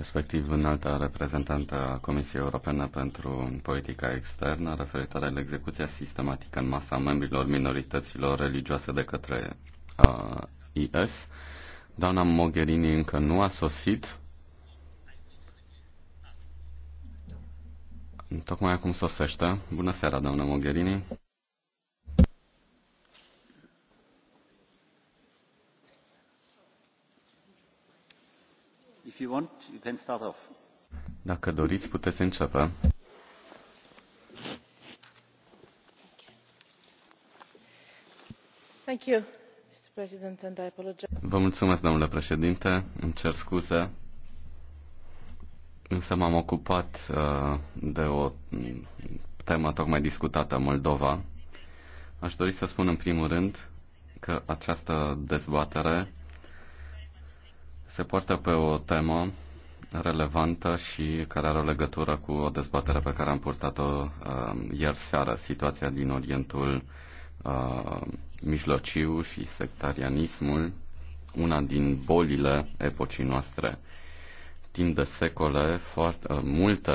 respectiv înalta reprezentantă a Comisiei Europene pentru Politica Externă, referitoare la execuția sistematică în masa membrilor minorităților religioase de către uh, IS. Doamna Mogherini încă nu a sosit. Tocmai acum sosește. Bună seara, doamna Mogherini. Dacă doriți, puteți începe. Thank you. Vă mulțumesc, domnule președinte. Îmi cer scuze. Însă m-am ocupat uh, de o mm, temă tocmai discutată, Moldova. Aș dori să spun în primul rând că această dezbatere se poartă pe o temă relevantă și care are o legătură cu o dezbatere pe care am purtat-o uh, ieri seară, situația din Orientul uh, Mijlociu și sectarianismul, una din bolile epocii noastre. Timp de secole, foarte, uh, multe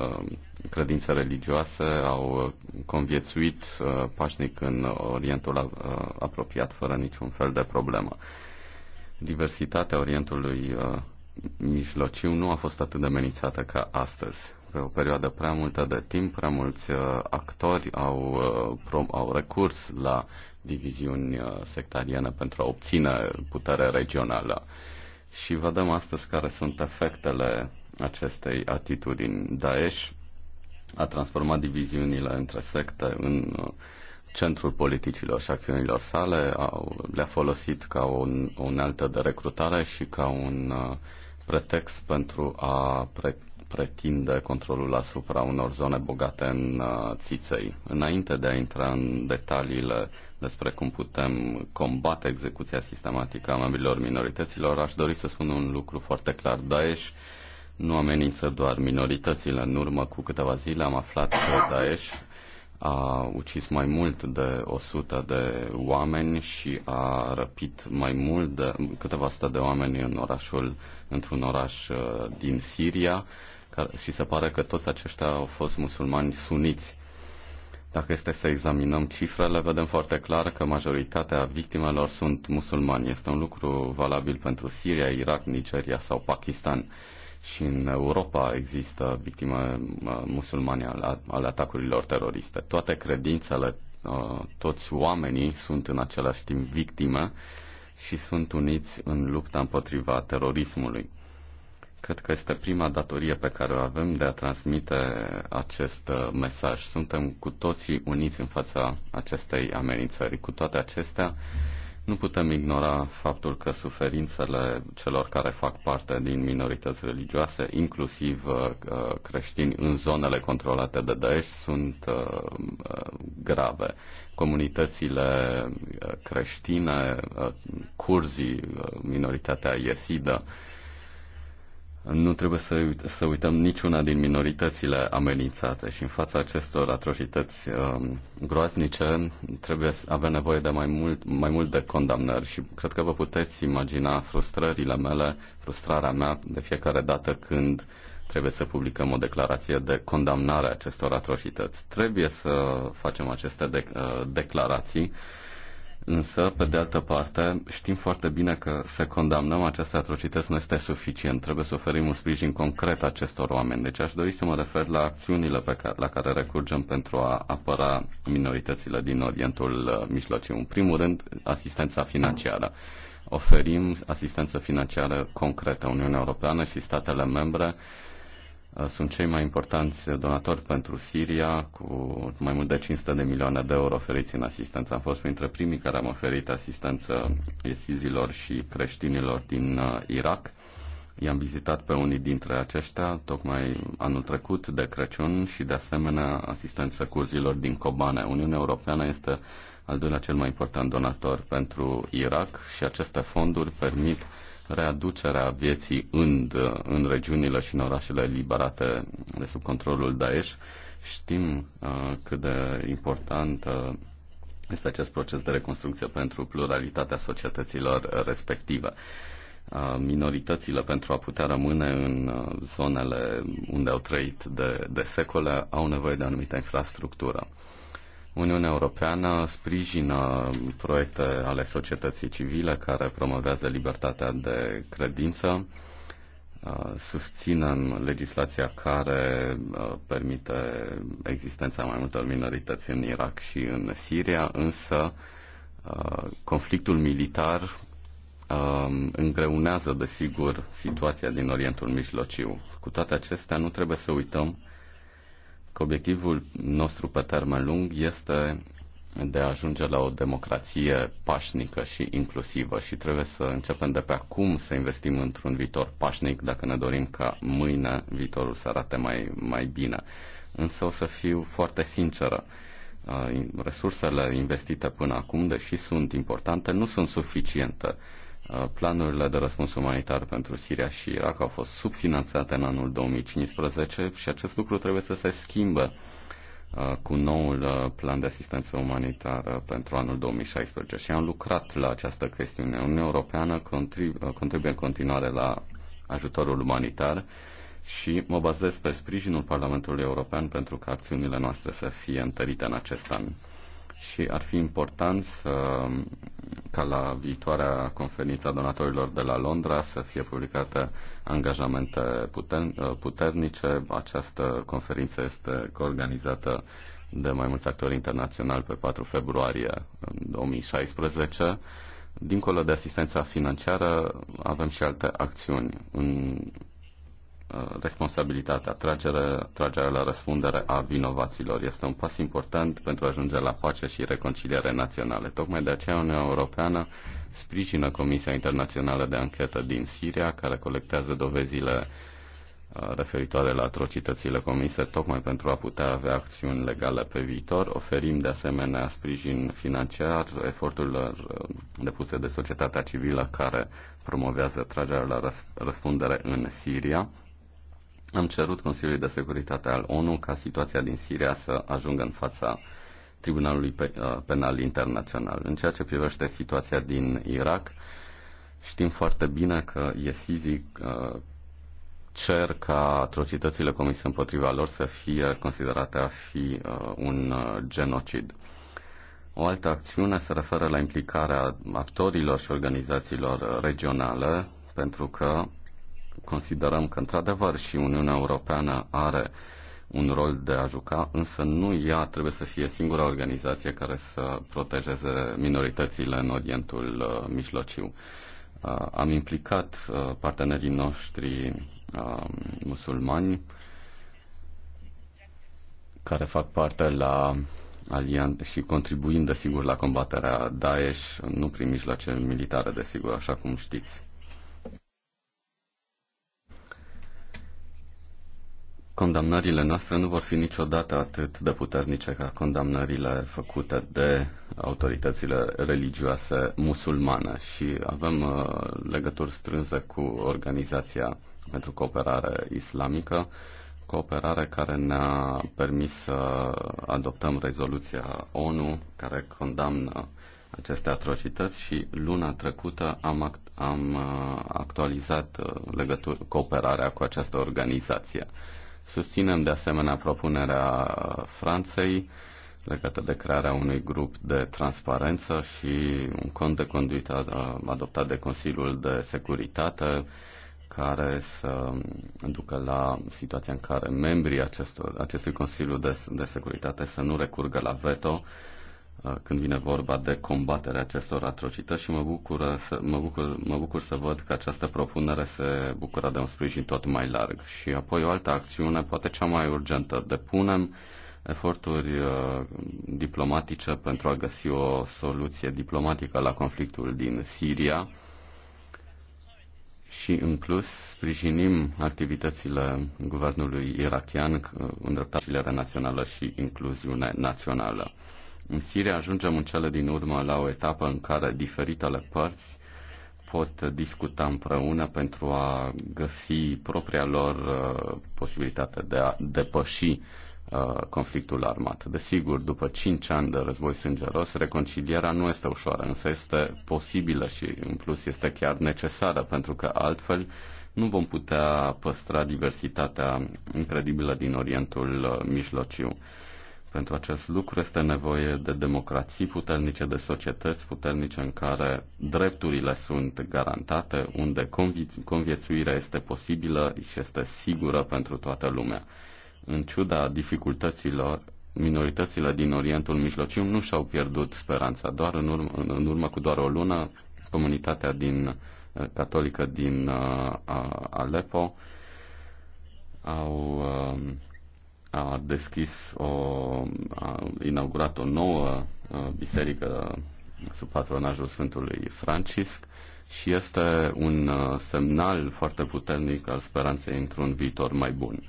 uh, credințe religioase au conviețuit uh, pașnic în Orientul uh, apropiat, fără niciun fel de problemă. Uh, diversitatea Orientului uh, Mijlociu nu a fost atât de amenințată ca astăzi. Pe o perioadă prea multă de timp, prea mulți uh, actori au, uh, au recurs la diviziuni sectariene pentru a obține putere regională. Și vedem astăzi care sunt efectele acestei atitudini. Daesh a transformat diviziunile între secte în uh, centrul politicilor și acțiunilor sale, au, le-a folosit ca un, o unealtă de recrutare și ca un uh, pretext pentru a pre, pretinde controlul asupra unor zone bogate în uh, țiței. Înainte de a intra în detaliile despre cum putem combate execuția sistematică a membrilor minorităților, aș dori să spun un lucru foarte clar. Daesh nu amenință doar minoritățile. În urmă cu câteva zile am aflat că Daesh a ucis mai mult de 100 de oameni și a răpit mai mult de câteva sute de oameni în orașul, într-un oraș uh, din Siria și se pare că toți aceștia au fost musulmani suniți. Dacă este să examinăm cifrele, vedem foarte clar că majoritatea victimelor sunt musulmani. Este un lucru valabil pentru Siria, Irak, Nigeria sau Pakistan și în Europa există victime musulmane ale atacurilor teroriste. Toate credințele, ă, toți oamenii sunt în același timp victime și sunt uniți în lupta împotriva terorismului. Cred că este prima datorie pe care o avem de a transmite acest ă, mesaj. Suntem cu toții uniți în fața acestei amenințări. Cu toate acestea, nu putem ignora faptul că suferințele celor care fac parte din minorități religioase, inclusiv uh, uh, creștini în zonele controlate de Daesh, sunt uh, grave. Comunitățile creștine, curzii, minoritatea iesidă, nu trebuie să, uit- să uităm niciuna din minoritățile amenințate și în fața acestor atrocități um, groaznice trebuie să avem nevoie de mai mult, mai mult de condamnări și cred că vă puteți imagina frustrările mele, frustrarea mea de fiecare dată când trebuie să publicăm o declarație de condamnare a acestor atrocități. Trebuie să facem aceste de- uh, declarații Însă, pe de altă parte, știm foarte bine că să condamnăm aceste atrocități nu este suficient. Trebuie să oferim un sprijin concret acestor oameni. Deci aș dori să mă refer la acțiunile pe care, la care recurgem pentru a apăra minoritățile din Orientul uh, Mijlociu. În primul rând, asistența financiară. Oferim asistență financiară concretă Uniunea Europeană și statele membre Uh, sunt cei mai importanți donatori pentru Siria, cu mai mult de 500 de milioane de euro oferiți în asistență. Am fost printre primii care am oferit asistență esizilor și creștinilor din uh, Irak. I-am vizitat pe unii dintre aceștia tocmai anul trecut de Crăciun și de asemenea asistență curzilor din Kobane. Uniunea Europeană este al doilea cel mai important donator pentru Irak și aceste fonduri permit readucerea vieții în, în regiunile și în orașele liberate de sub controlul Daesh. Știm uh, cât de important uh, este acest proces de reconstrucție pentru pluralitatea societăților respective. Uh, minoritățile, pentru a putea rămâne în uh, zonele unde au trăit de, de secole, au nevoie de anumită infrastructură. Uniunea Europeană sprijină proiecte ale societății civile care promovează libertatea de credință, uh, susținem legislația care uh, permite existența mai multor minorități în Irak și în Siria, însă uh, conflictul militar um, îngreunează, desigur, situația din Orientul Mijlociu. Cu toate acestea, nu trebuie să uităm că obiectivul nostru pe termen lung este de a ajunge la o democrație pașnică și inclusivă și trebuie să începem de pe acum să investim într-un viitor pașnic dacă ne dorim ca mâine viitorul să arate mai, mai bine. Însă o să fiu foarte sinceră. Uh, resursele investite până acum, deși sunt importante, nu sunt suficiente Planurile de răspuns umanitar pentru Siria și Irak au fost subfinanțate în anul 2015 și acest lucru trebuie să se schimbe uh, cu noul uh, plan de asistență umanitară pentru anul 2016 și am lucrat la această chestiune. Uniunea Europeană uh, contribuie în continuare la ajutorul umanitar și mă bazez pe sprijinul Parlamentului European pentru ca acțiunile noastre să fie întărite în acest an și ar fi important să, ca la viitoarea conferință a donatorilor de la Londra să fie publicate angajamente puternice. Această conferință este organizată de mai mulți actori internaționali pe 4 februarie 2016. Dincolo de asistența financiară, avem și alte acțiuni. În responsabilitatea, tragere, tragerea la răspundere a vinovaților. Este un pas important pentru a ajunge la pace și reconciliere naționale. Tocmai de aceea Uniunea Europeană sprijină Comisia Internațională de Anchetă din Siria, care colectează dovezile uh, referitoare la atrocitățile comise, tocmai pentru a putea avea acțiuni legale pe viitor. Oferim de asemenea sprijin financiar eforturilor uh, depuse de societatea civilă care promovează tragerea la răspundere în Siria am cerut Consiliului de Securitate al ONU ca situația din Siria să ajungă în fața Tribunalului uh, Penal Internațional. În ceea ce privește situația din Irak, știm foarte bine că Yesizi uh, cer ca atrocitățile comise împotriva lor să fie considerate a fi uh, un genocid. O altă acțiune se referă la implicarea actorilor și organizațiilor regionale, pentru că considerăm că într-adevăr și Uniunea Europeană are un rol de a juca, însă nu ea trebuie să fie singura organizație care să protejeze minoritățile în Orientul uh, Mijlociu. Uh, am implicat uh, partenerii noștri musulmani care fac parte la alian și contribuind, desigur, la combaterea Daesh, nu prin mijloace militare, desigur, așa cum știți. condamnările noastre nu vor fi niciodată atât de puternice ca condamnările făcute de autoritățile religioase musulmane și avem uh, legături strânse cu Organizația pentru Cooperare Islamică, cooperare care ne-a permis să adoptăm rezoluția ONU care condamnă aceste atrocități și luna trecută am, act- am uh, actualizat uh, legătur- cooperarea cu această organizație. Susținem de asemenea propunerea Franței legată de crearea unui grup de transparență și un cont de conduită adoptat de Consiliul de Securitate care să ducă la situația în care membrii acestor, acestui Consiliu de, de Securitate să nu recurgă la veto când vine vorba de combaterea acestor atrocități și mă bucur să, mă bucur, mă bucur să văd că această propunere se bucură de un sprijin tot mai larg. Și apoi o altă acțiune, poate cea mai urgentă. Depunem eforturi diplomatice pentru a găsi o soluție diplomatică la conflictul din Siria și, în plus, sprijinim activitățile guvernului irachian în dreptarea națională și incluziune națională. În Siria ajungem în cele din urmă la o etapă în care diferitele părți pot discuta împreună pentru a găsi propria lor uh, posibilitate de a depăși uh, conflictul armat. Desigur, după 5 ani de război sângeros, reconcilierea nu este ușoară, însă este posibilă și, în plus, este chiar necesară, pentru că altfel nu vom putea păstra diversitatea incredibilă din Orientul uh, Mijlociu. Pentru acest lucru este nevoie de democrații puternice, de societăți puternice în care drepturile sunt garantate, unde conviețuirea este posibilă și este sigură pentru toată lumea. În ciuda dificultăților, minoritățile din Orientul Mijlociu nu și-au pierdut speranța. Doar în urmă, în urmă cu doar o lună, comunitatea din, eh, catolică din uh, eh, Aleppo au uh, a deschis o, a inaugurat o nouă biserică sub patronajul Sfântului Francisc și este un semnal foarte puternic al speranței într-un viitor mai bun.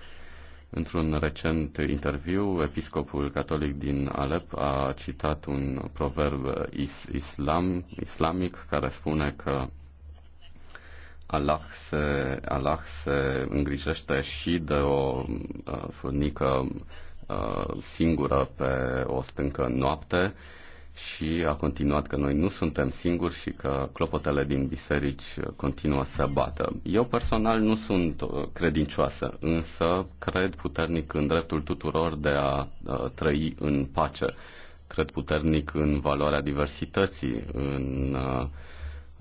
Într-un recent interviu, episcopul catolic din Alep a citat un proverb is- islam, islamic care spune că Allah se, Allah se îngrijește și de o uh, furnică uh, singură pe o stâncă noapte și a continuat că noi nu suntem singuri și că clopotele din biserici continuă să bată. Eu personal nu sunt uh, credincioasă, însă cred puternic în dreptul tuturor de a trăi în pace. Cred puternic în valoarea diversității, în uh,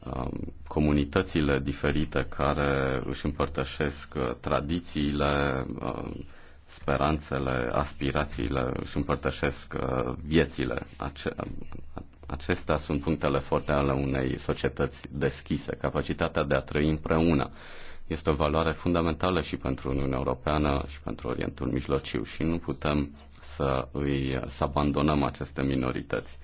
Um, comunitățile diferite care își împărtășesc uh, tradițiile, um, speranțele, aspirațiile, își împărtășesc uh, viețile. Um, acestea sunt punctele forte ale unei societăți deschise, capacitatea de a trăi împreună. Este o valoare fundamentală și pentru Uniunea Europeană și pentru Orientul Mijlociu și nu putem să îi să abandonăm aceste minorități.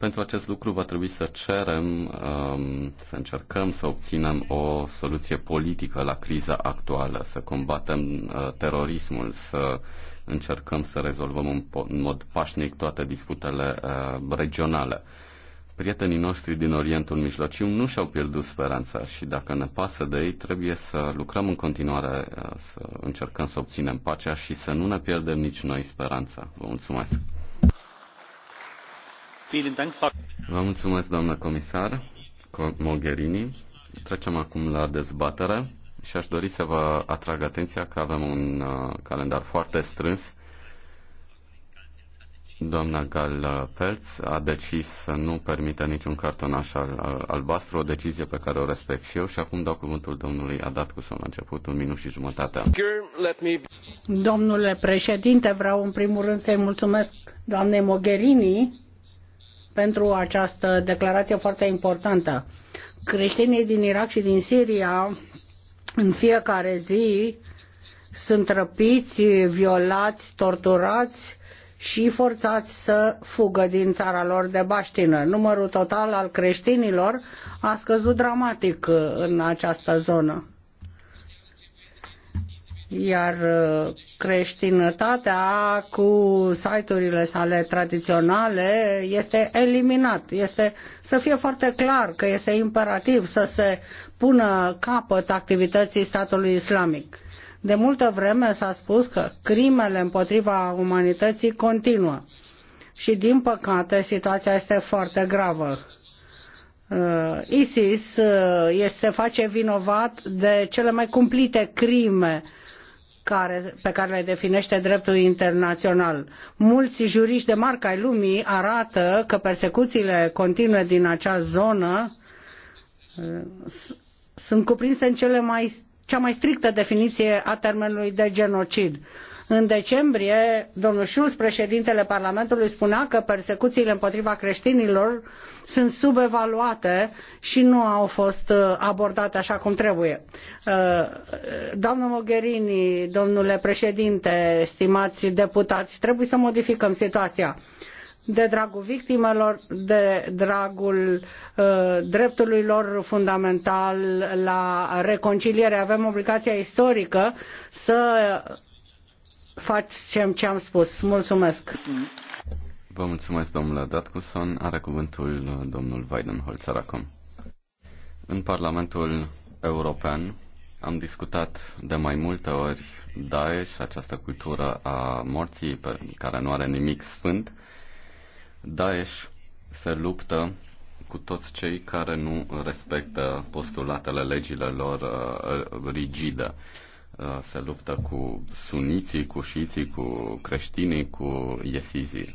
Pentru acest lucru va trebui să cerem, um, să încercăm să obținem o soluție politică la criza actuală, să combatem uh, terorismul, să încercăm să rezolvăm în mod pașnic toate disputele uh, regionale. Prietenii noștri din Orientul Mijlociu nu și-au pierdut speranța și dacă ne pasă de ei, trebuie să lucrăm în continuare, uh, să încercăm să obținem pacea și să nu ne pierdem nici noi speranța. Vă mulțumesc! Vă mulțumesc, doamnă comisar Mogherini. Trecem acum la dezbatere și aș dori să vă atrag atenția că avem un uh, calendar foarte strâns. Doamna Gal Pelț a decis să nu permită niciun cartonaș al, albastru, o decizie pe care o respect și eu și acum dau cuvântul domnului cu la început, un minut și jumătate. Domnule președinte, vreau în primul rând să-i mulțumesc doamnei Mogherini pentru această declarație foarte importantă. Creștinii din Irak și din Siria în fiecare zi sunt răpiți, violați, torturați și forțați să fugă din țara lor de baștină. Numărul total al creștinilor a scăzut dramatic în această zonă iar uh, creștinătatea cu site-urile sale tradiționale este eliminat. Este să fie foarte clar că este imperativ să se pună capăt activității statului islamic. De multă vreme s-a spus că crimele împotriva umanității continuă și din păcate situația este foarte gravă. Uh, ISIS uh, se face vinovat de cele mai cumplite crime care, pe care le definește dreptul internațional. Mulți juriști de marca ai lumii arată că persecuțiile continue din acea zonă uh, sunt cuprinse în cele mai, cea mai strictă definiție a termenului de genocid. În decembrie, domnul Schulz, președintele Parlamentului, spunea că persecuțiile împotriva creștinilor sunt subevaluate și nu au fost uh, abordate așa cum trebuie. Uh, doamnă Mogherini, domnule președinte, stimați deputați, trebuie să modificăm situația de dragul victimelor, de dragul uh, dreptului lor fundamental la reconciliere. Avem obligația istorică să faci ce am spus. Mulțumesc! Vă mulțumesc, domnule Datcuson. Are cuvântul uh, domnul Weidenholzer acum. În Parlamentul European am discutat de mai multe ori Daesh, această cultură a morții pe care nu are nimic sfânt. Daesh se luptă cu toți cei care nu respectă postulatele legilor uh, uh rigide. Uh, se luptă cu suniții, cu șiții, cu creștinii, cu iesizii.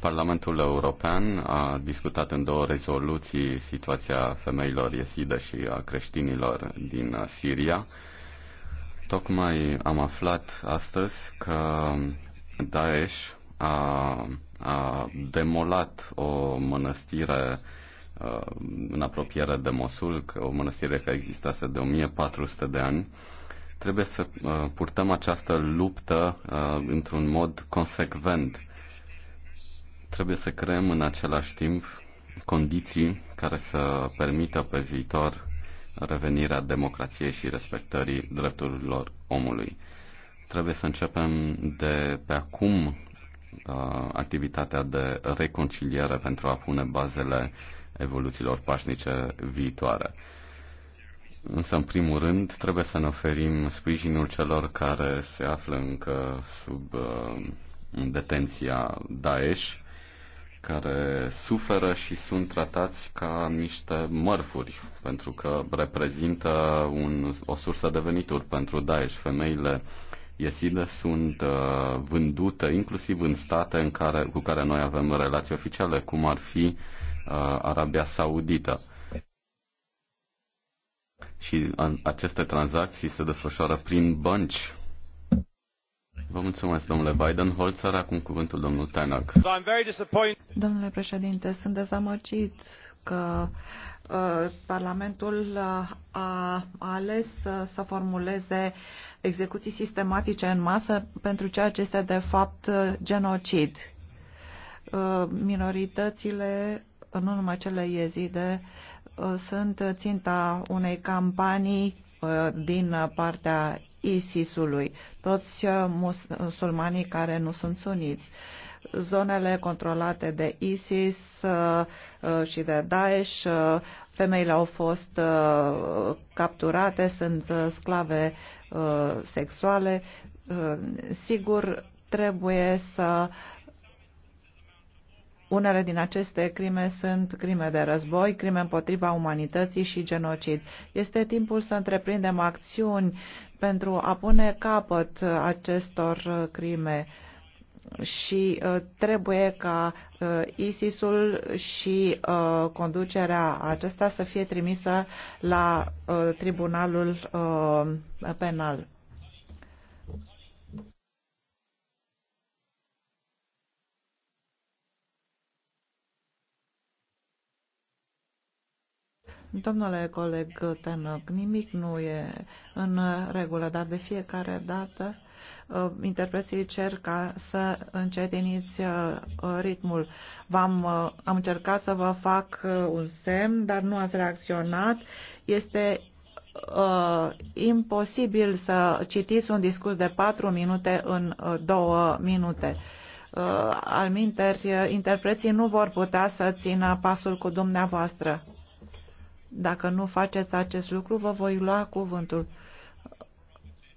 Parlamentul European a discutat în două rezoluții situația femeilor ieside și a creștinilor din Siria. Tocmai am aflat astăzi că Daesh a, a demolat o mănăstire uh, în apropiere de Mosul, o mănăstire care existase de 1400 de ani, Trebuie să uh, purtăm această luptă uh, într-un mod consecvent. Trebuie să creăm în același timp condiții care să permită pe viitor revenirea democrației și respectării drepturilor omului. Trebuie să începem de pe acum uh, activitatea de reconciliere pentru a pune bazele evoluțiilor pașnice viitoare. Însă, în primul rând, trebuie să ne oferim sprijinul celor care se află încă sub uh, detenția Daesh, care suferă și sunt tratați ca niște mărfuri, pentru că reprezintă un, o sursă de venituri pentru Daesh. Femeile Yeside sunt uh, vândute inclusiv în state în care, cu care noi avem relații oficiale, cum ar fi uh, Arabia Saudită. Uh, și aceste tranzacții se desfășoară prin bănci. Vă mulțumesc, domnule Biden. are acum cuvântul domnul Tainag. Domnule președinte, sunt dezamăgit că uh, Parlamentul uh, a ales uh, să formuleze execuții sistematice în masă pentru ceea ce este de fapt uh, genocid. Uh, minoritățile, nu numai cele iezide, sunt ținta unei campanii uh, din partea ISIS-ului, toți uh, musulmanii care nu sunt suniți. Zonele controlate de ISIS uh, și de Daesh, femeile au fost capturate, sunt sclave sexuale. Sigur, trebuie să uh, unele din aceste crime sunt crime de război, crime împotriva umanității și genocid. Este timpul să întreprindem acțiuni pentru a pune capăt acestor uh, crime și uh, trebuie ca uh, ISIS-ul și conducerea acesta să fie trimisă la tribunalul penal. Domnule coleg Tenoc, nimic nu e în regulă, dar de fiecare dată uh, interpreții cer ca să încetiniți uh, ritmul. V-am, uh, am încercat să vă fac un semn, dar nu ați reacționat. Este uh, imposibil să citiți un discurs de patru minute în două minute. Uh, al interpreții nu vor putea să țină pasul cu dumneavoastră. Dacă nu faceți acest lucru, vă voi lua cuvântul.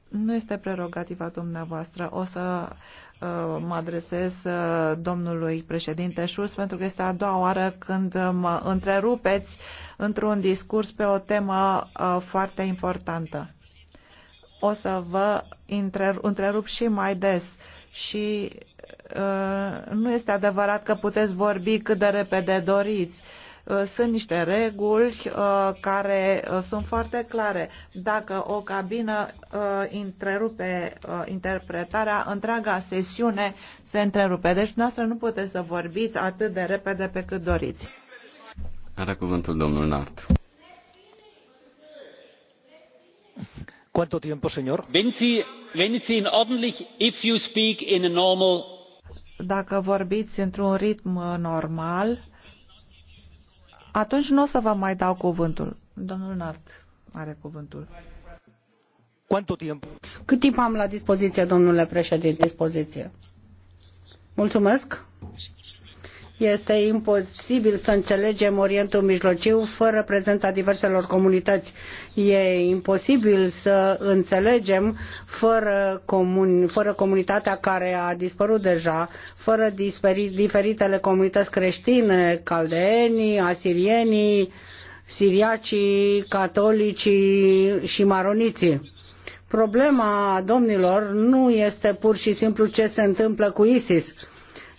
Nu este prerogativa dumneavoastră. O să uh, mă adresez uh, domnului președinte Schulz pentru că este a doua oară când mă întrerupeți într-un discurs pe o temă uh, foarte importantă. O să vă întrerup și mai des și uh, nu este adevărat că puteți vorbi cât de repede doriți. Uh, Uh, sunt niște reguli uh, care uh, sunt foarte clare. Dacă o cabină întrerupe interpretarea, întreaga sesiune se întrerupe. Deci dumneavoastră nu puteți să vorbiți atât de repede pe cât doriți. Are cuvântul domnul Nart. señor? Wenn Sie, wenn Sie in ordentlich, if you speak in a normal dacă vorbiți într-un ritm normal, atunci nu o să vă mai dau cuvântul. Domnul Nart are cuvântul. Cât timp am la dispoziție, domnule președinte? Dispoziție. Mulțumesc. Este imposibil să înțelegem Orientul Mijlociu fără prezența diverselor comunități. E imposibil să înțelegem fără, comun, fără comunitatea care a dispărut deja, fără diferitele comunități creștine, caldeenii, asirienii, siriacii, catolicii și maroniții. Problema domnilor nu este pur și simplu ce se întâmplă cu ISIS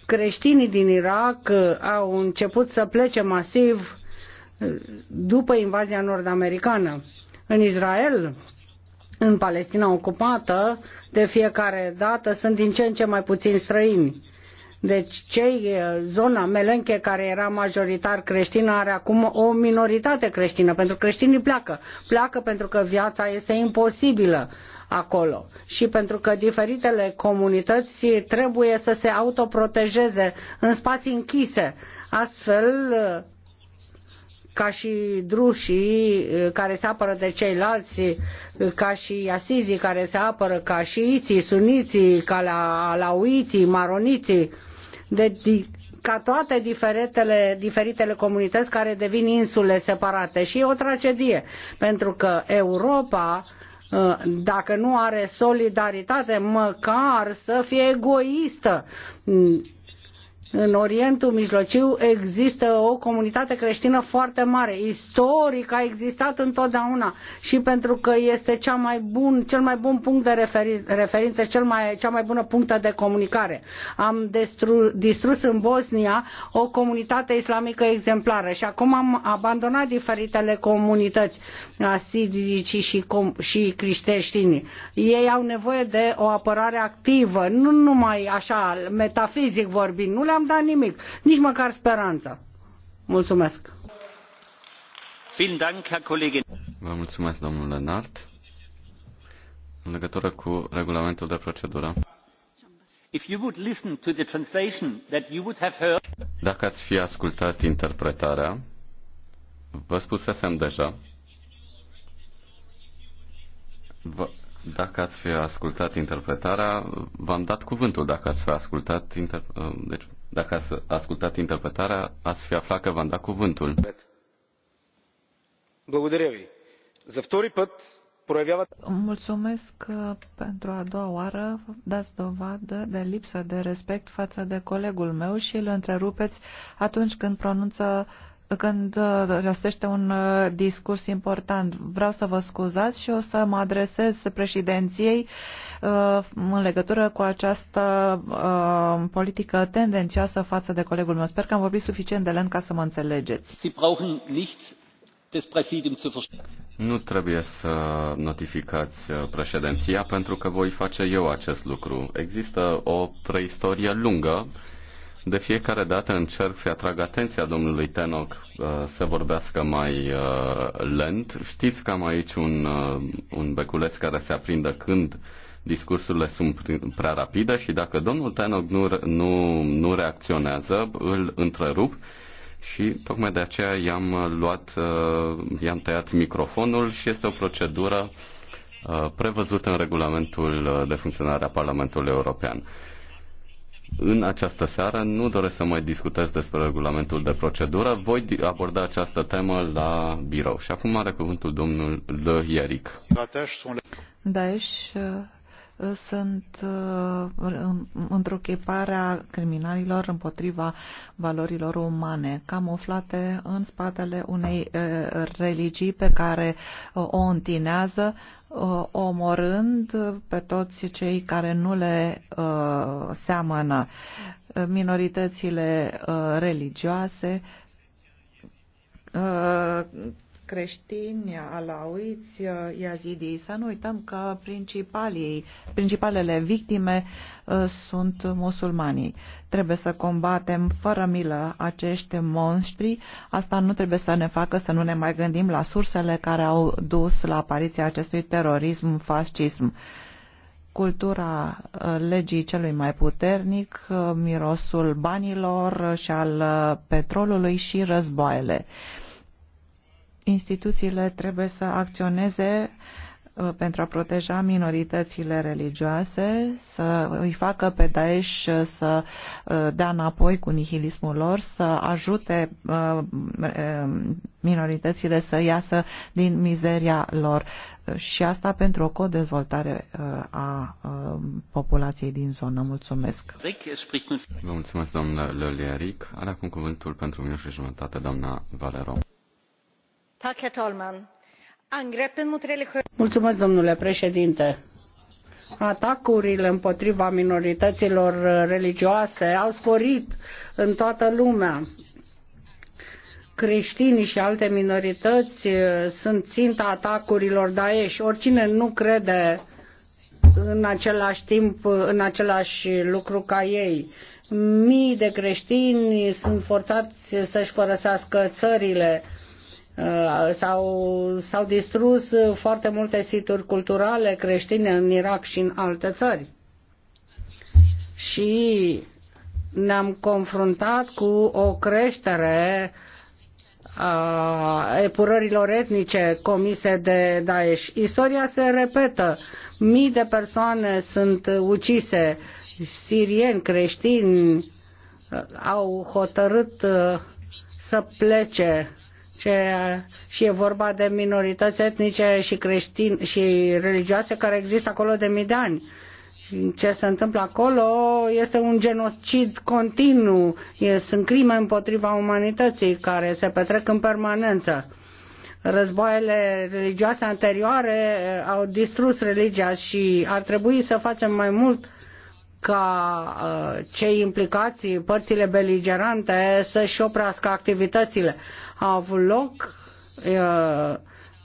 creștinii din Irak uh, au început să plece masiv uh, după invazia nord-americană. În Israel, în Palestina ocupată, de fiecare dată sunt din ce în ce mai puțini străini. Deci cei, uh, zona Melenche care era majoritar creștină are acum o minoritate creștină, pentru că creștinii pleacă. Pleacă pentru că viața este imposibilă acolo. Și pentru că diferitele comunități trebuie să se autoprotejeze în spații închise, astfel ca și drușii uh, care se apără de ceilalți, uh, ca și asizii care se apără, ca și iții, suniții, ca la alauiții, maroniții, de, deci, ca toate diferitele, diferitele comunități care devin insule separate. Și e o tragedie, pentru că Europa dacă nu are solidaritate, măcar să fie egoistă. În Orientul Mijlociu există o comunitate creștină foarte mare, istoric a existat întotdeauna și pentru că este cea mai bun, cel mai bun punct de referi, referință, cel mai, cea mai bună punctă de comunicare. Am destru, distrus în Bosnia o comunitate islamică exemplară și acum am abandonat diferitele comunități asidici și, com, și Ei au nevoie de o apărare activă, nu numai așa metafizic vorbind, nu le-am am dat nimic, nici măcar speranța. Mulțumesc! Vă mulțumesc, domnule Lenart. În legătură cu regulamentul de procedură. Dacă ați fi ascultat interpretarea, vă spusesem deja, vă, dacă ați fi ascultat interpretarea, v-am dat cuvântul dacă ați fi ascultat inter, uh, deci, dacă ați ascultat interpretarea, ați fi aflat că v-am dat cuvântul. Mulțumesc că uh, pentru a doua oară dați dovadă de lipsă de respect față de colegul meu și îl întrerupeți atunci când pronunță când rostește uh, un uh, discurs important. Vreau să vă scuzați și o să mă adresez președinției uh, în legătură cu această politică tendențioasă față de colegul meu. Sper că am vorbit suficient de lent ca să mă înțelegeți. Nu trebuie să notificați președinția pentru că voi face eu acest lucru. Există o preistorie lungă de fiecare dată încerc să atrag atenția domnului Tenoc uh, să vorbească mai uh, lent. Știți că am aici un, uh, un beculeț care se aprinde când discursurile sunt prea rapide și dacă domnul Tenoc nu, nu, nu reacționează, îl întrerup și tocmai de aceea i-am luat, i-am tăiat microfonul și este o procedură prevăzută în regulamentul de funcționare a Parlamentului European în această seară nu doresc să mai discutez despre regulamentul de procedură. Voi aborda această temă la birou. Și acum are cuvântul domnul Le Ieric. Daesh uh, sunt uh, într-o a criminalilor împotriva valorilor umane, camuflate în spatele unei uh, religii pe care uh, o întinează, omorând pe toți cei care nu le seamănă minoritățile religioase, creștini, alauiți, iazidii. Să nu uităm că principalii, principalele victime uh, sunt musulmanii. Trebuie să combatem fără milă acești monștri. Asta nu trebuie să ne facă să nu ne mai gândim la sursele care au dus la apariția acestui terorism, fascism cultura uh, legii celui mai puternic, uh, mirosul banilor și al petrolului și războaiele instituțiile trebuie să acționeze uh, pentru a proteja minoritățile religioase, să îi facă pe Daesh să uh, dea înapoi cu nihilismul lor, să ajute uh, minoritățile să iasă din mizeria lor. Și asta pentru o co-dezvoltare a populației din zonă. Mulțumesc! Vă mulțumesc, domnule Leliaric. Are acum cuvântul pentru minut și jumătate, doamna Valero. Mulțumesc, domnule președinte atacurile împotriva minorităților uh, religioase au sporit în toată lumea. Creștinii și alte minorități uh, sunt ținta atacurilor Daesh. Oricine nu crede în același timp, uh, în același lucru ca ei. Mii de creștini sunt forțați să-și părăsească țările. Uh, Uh, s-au, s-au distrus foarte multe situri culturale creștine în Irak și în alte țări. Și ne-am confruntat cu o creștere a epurărilor etnice comise de Daesh. Istoria se repetă. Mii de persoane sunt ucise, sirieni, creștini, uh, au hotărât uh, să plece ce, și e vorba de minorități etnice și creștini și religioase care există acolo de mii de ani. Ce se întâmplă acolo este un genocid continuu, sunt crime împotriva umanității care se petrec în permanență războaiele religioase anterioare eh, au distrus religia și ar trebui să facem mai mult ca eh, cei implicați, părțile beligerante, să-și oprească activitățile au avut loc uh,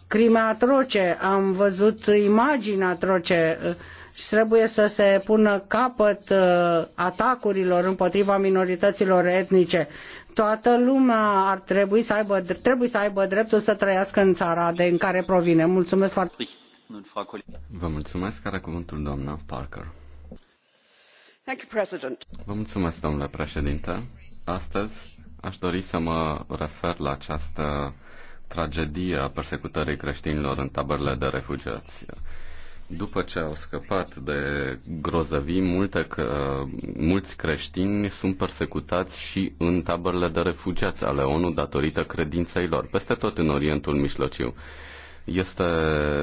crime atroce, am văzut imagini atroce și trebuie să se pună capăt uh, atacurilor împotriva minorităților etnice. Toată lumea ar trebui să aibă, trebuie să aibă dreptul să trăiască în țara de în care provine. Mulțumesc foarte mult. Vă mulțumesc. care cuvântul doamna Parker. Thank you, President. Vă mulțumesc, domnule președinte. Astăzi Aș dori să mă refer la această tragedie a persecutării creștinilor în taberele de refugiați. După ce au scăpat de grozăvii, multe, că mulți creștini sunt persecutați și în taberele de refugiați ale ONU datorită credinței lor, peste tot în Orientul Mijlociu. Este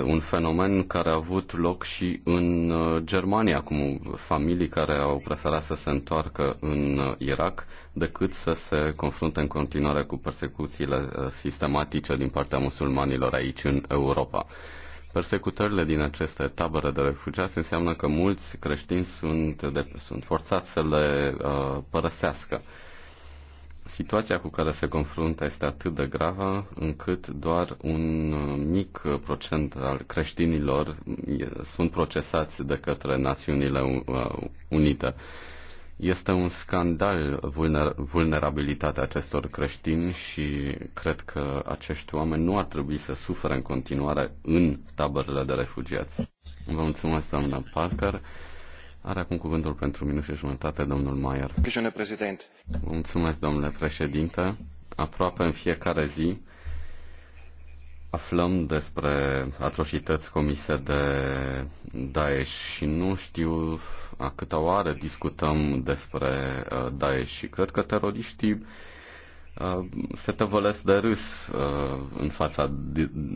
un fenomen care a avut loc și în uh, Germania, acum familii care au preferat să se întoarcă în uh, Irak decât să se confrunte în continuare cu persecuțiile uh, sistematice din partea musulmanilor aici în Europa. Persecutările din aceste tabere de refugiați înseamnă că mulți creștini sunt, de, sunt forțați să le uh, părăsească. Uh, Situația cu care se confruntă este atât de gravă încât doar un mic procent al creștinilor sunt procesați de către Națiunile uh, Unite. Este un scandal vulner- vulnerabilitatea acestor creștini și cred că acești oameni nu ar trebui să sufere în continuare în taberele de refugiați. Vă mulțumesc, doamna Parker. Are acum cuvântul pentru minut și jumătate domnul Maier. Mulțumesc, domnule președinte. Aproape în fiecare zi aflăm despre atrocități comise de Daesh și nu știu a câta oară discutăm despre uh, Daesh și cred că teroriștii uh, se tăvălesc de râs uh, în fața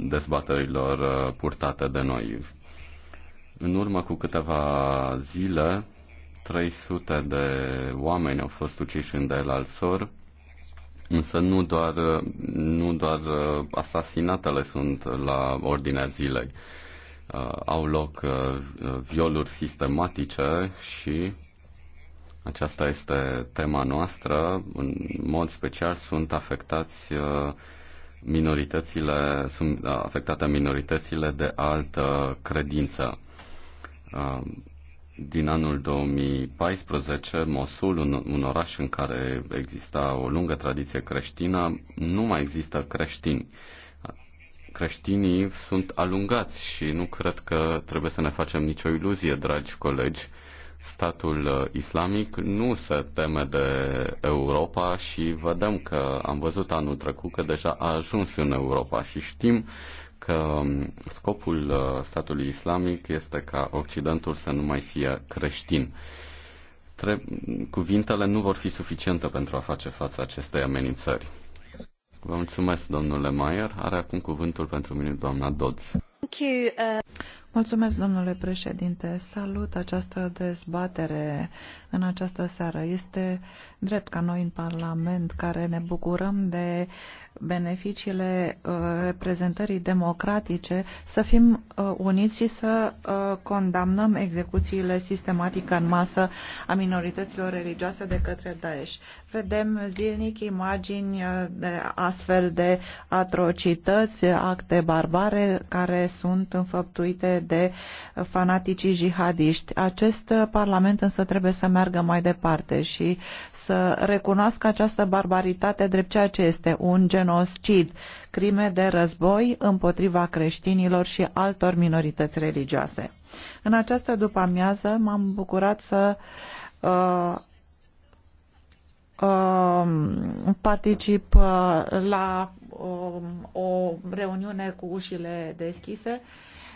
dezbaterilor purtate de noi. În urmă cu câteva zile, 300 de oameni au fost uciși în Deir al-Sor, însă nu doar, nu doar uh, asasinatele sunt la ordinea zilei. Uh, au loc uh, violuri sistematice și aceasta este tema noastră. În mod special sunt afectați minoritățile, sunt afectate minoritățile de altă credință. Um, din anul 2014, Mosul, un, un oraș în care exista o lungă tradiție creștină, nu mai există creștini. Creștinii sunt alungați și nu cred că trebuie să ne facem nicio iluzie, dragi colegi. Statul uh, islamic nu se teme de Europa și vedem că am văzut anul trecut că deja a ajuns în Europa și știm că um, scopul uh, statului islamic este ca Occidentul să nu mai fie creștin. Cuvintele nu vor fi suficiente pentru a face față acestei amenințări. Vă mulțumesc, domnule Mayer. Are acum cuvântul pentru mine doamna Dodds. Uh, mulțumesc, domnule președinte. Salut această dezbatere în această seară. Este drept ca noi în Parlament, care ne bucurăm de beneficiile uh, reprezentării democratice, să fim uh, uniți și să uh, condamnăm execuțiile sistematică în masă a minorităților religioase de către Daesh. Vedem zilnic imagini de astfel de atrocități, acte barbare care sunt înfăptuite de fanaticii jihadiști. Acest parlament însă trebuie să meargă mai departe și să recunoască această barbaritate drept ceea ce este un gen genocid, crime de război împotriva creștinilor și altor minorități religioase. În această după-amiază m-am bucurat să uh, uh, particip uh, la uh, o reuniune cu ușile deschise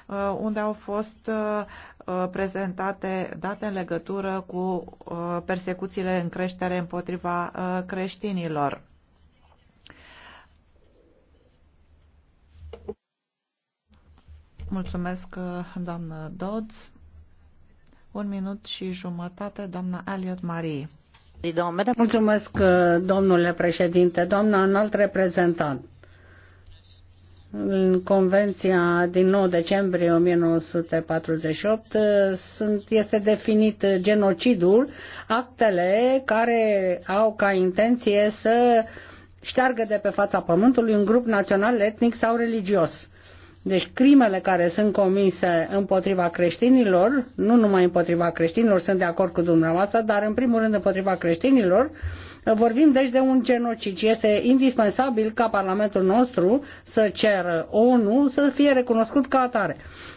uh, unde au fost uh, uh, prezentate date în legătură cu persecuțiile în creștere împotriva creștinilor. Mulțumesc, uh, doamnă Dodd. Un minut și jumătate, doamna Elliot Marie. Mulțumesc, uh, domnule președinte, doamna înalt reprezentant. În Convenția din 9 decembrie 1948 uh, sunt, este definit genocidul, actele care au ca intenție să șteargă de pe fața pământului un grup național, etnic sau religios. Deci crimele care sunt comise împotriva creștinilor, nu numai împotriva creștinilor, sunt de acord cu dumneavoastră, dar în primul rând împotriva creștinilor, vorbim deci de un genocid este indispensabil ca Parlamentul nostru să ceră ONU să fie recunoscut ca atare.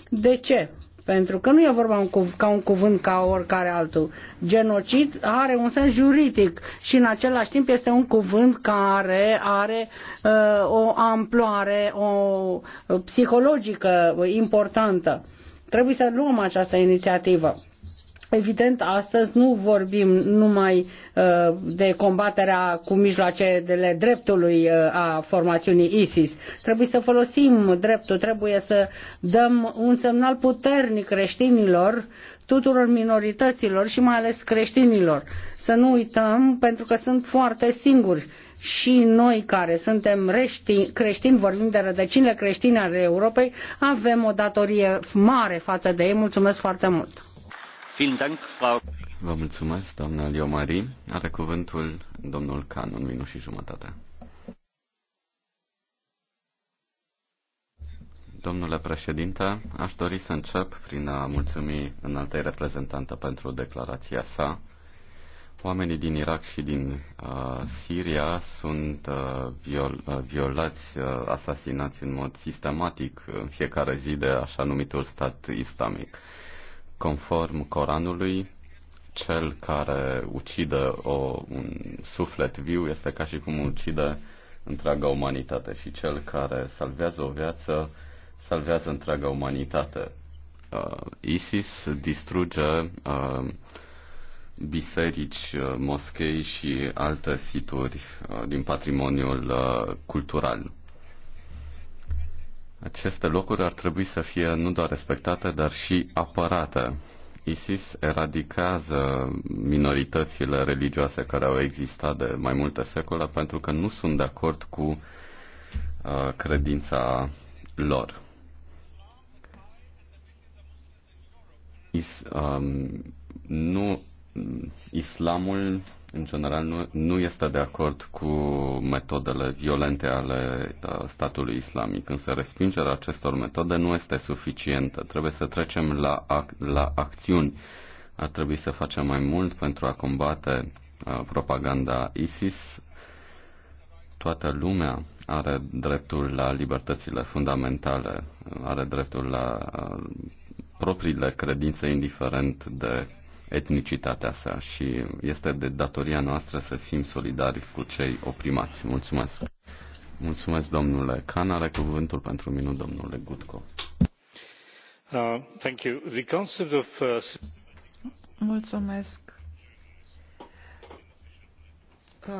De ce? Pentru că nu e vorba un cuv- ca un cuvânt ca oricare altul. Genocid are un sens juridic și în același timp este un cuvânt care are uh, o amploare o uh, psihologică importantă. Trebuie să luăm această inițiativă. Evident, astăzi nu vorbim numai uh, de combaterea cu mijloacele dreptului uh, a formațiunii ISIS. Trebuie să folosim dreptul, trebuie să dăm un semnal puternic creștinilor, tuturor minorităților și mai ales creștinilor. Să nu uităm, pentru că sunt foarte singuri și noi care suntem reștini, creștini, vorbim de rădăcinile creștine ale Europei, avem o datorie mare față de ei. Mulțumesc foarte mult! Vă mulțumesc, doamna Liomari. Are cuvântul domnul Can, un minut și jumătate. Domnule președinte, aș dori să încep prin a mulțumi înaltei reprezentante pentru declarația sa. Oamenii din Irak și din uh, Siria sunt uh, viol, uh, violați, uh, asasinați în mod sistematic în fiecare zi de așa numitul stat islamic. Conform Coranului, cel care ucide o, un suflet viu este ca și cum ucide întreaga umanitate și cel care salvează o viață salvează întreaga umanitate. Uh, ISIS distruge uh, biserici, uh, moschei și alte situri uh, din patrimoniul uh, cultural. Aceste locuri ar trebui să fie nu doar respectate, dar și apărate. ISIS eradicează minoritățile religioase care au existat de mai multe secole pentru că nu sunt de acord cu uh, credința lor. Is, um, nu, islamul în general, nu, nu este de acord cu metodele violente ale uh, statului islamic, însă respingerea acestor metode nu este suficientă. Trebuie să trecem la, ac- la acțiuni. Ar trebui să facem mai mult pentru a combate uh, propaganda ISIS. Toată lumea are dreptul la libertățile fundamentale, uh, are dreptul la propriile credințe, indiferent de etnicitatea sa și este de datoria noastră să fim solidari cu cei oprimați. Mulțumesc! Mulțumesc, domnule Can. Are cuvântul pentru minut, domnule Gutko. Uh, thank you. The concept of, uh... Mulțumesc.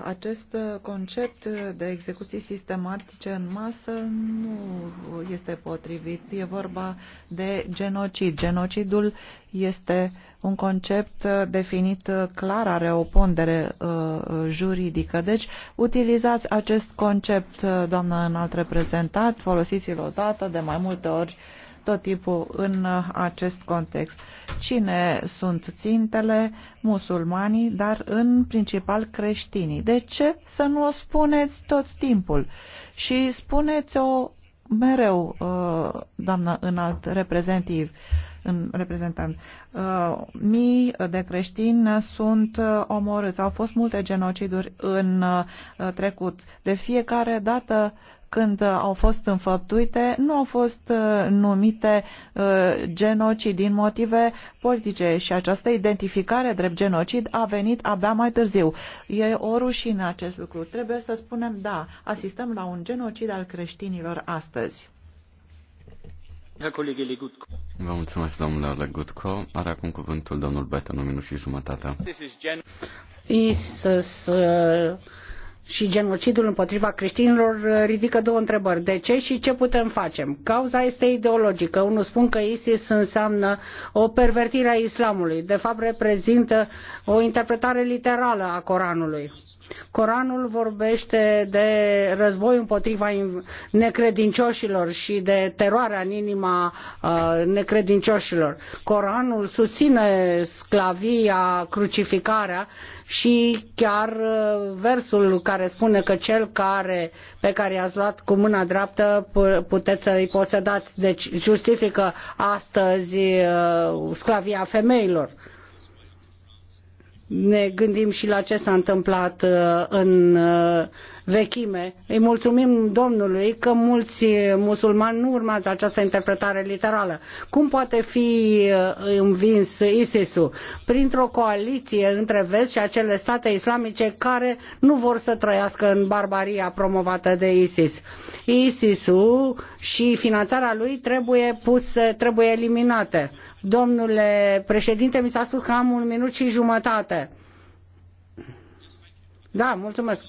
Acest concept de execuții sistematice în masă nu este potrivit. E vorba de genocid. Genocidul este un concept definit clar, are o pondere uh, juridică. Deci, utilizați acest concept, uh, doamnă înalt reprezentat, folosiți-l odată, de mai multe ori uh, tot timpul în uh, acest context. Cine sunt țintele? Musulmanii, dar în principal creștinii. De ce să nu o spuneți tot timpul? Și spuneți-o mereu, uh, doamnă înalt reprezentiv în reprezentant. Uh, mii de creștini sunt uh, omorâți. Au fost multe genociduri în uh, trecut. De fiecare dată când au fost înfăptuite, nu au fost numite genocid din motive politice și această identificare drept genocid a venit abia mai târziu. E o rușine acest lucru. Trebuie să spunem, da, asistăm la un genocid al creștinilor astăzi. Vă mulțumesc, domnule Legutko. Are acum cuvântul domnul Beta un minut și jumătate. Uh, și genocidul împotriva creștinilor uh, ridică două întrebări. De ce și ce putem face? Cauza este ideologică. Unul spun că ISIS înseamnă o pervertire a islamului. De fapt, reprezintă o interpretare literală a Coranului Coranul vorbește de război împotriva necredincioșilor și de teroarea în inima uh, necredincioșilor. Coranul susține sclavia, crucificarea și chiar uh, versul care spune că cel care, pe care i-ați luat cu mâna dreaptă puteți să-i posedați. Deci justifică astăzi uh, sclavia femeilor ne gândim și la ce s-a întâmplat uh, în uh, vechime. Îi mulțumim Domnului că mulți musulmani nu urmează această interpretare literală. Cum poate fi uh, învins ISIS-ul? Printr-o coaliție între vest și acele state islamice care nu vor să trăiască în barbaria promovată de ISIS. ISIS-ul și finanțarea lui trebuie, pus, trebuie eliminate. Domnule președinte, mi s-a spus că am un minut și jumătate. Da, mulțumesc.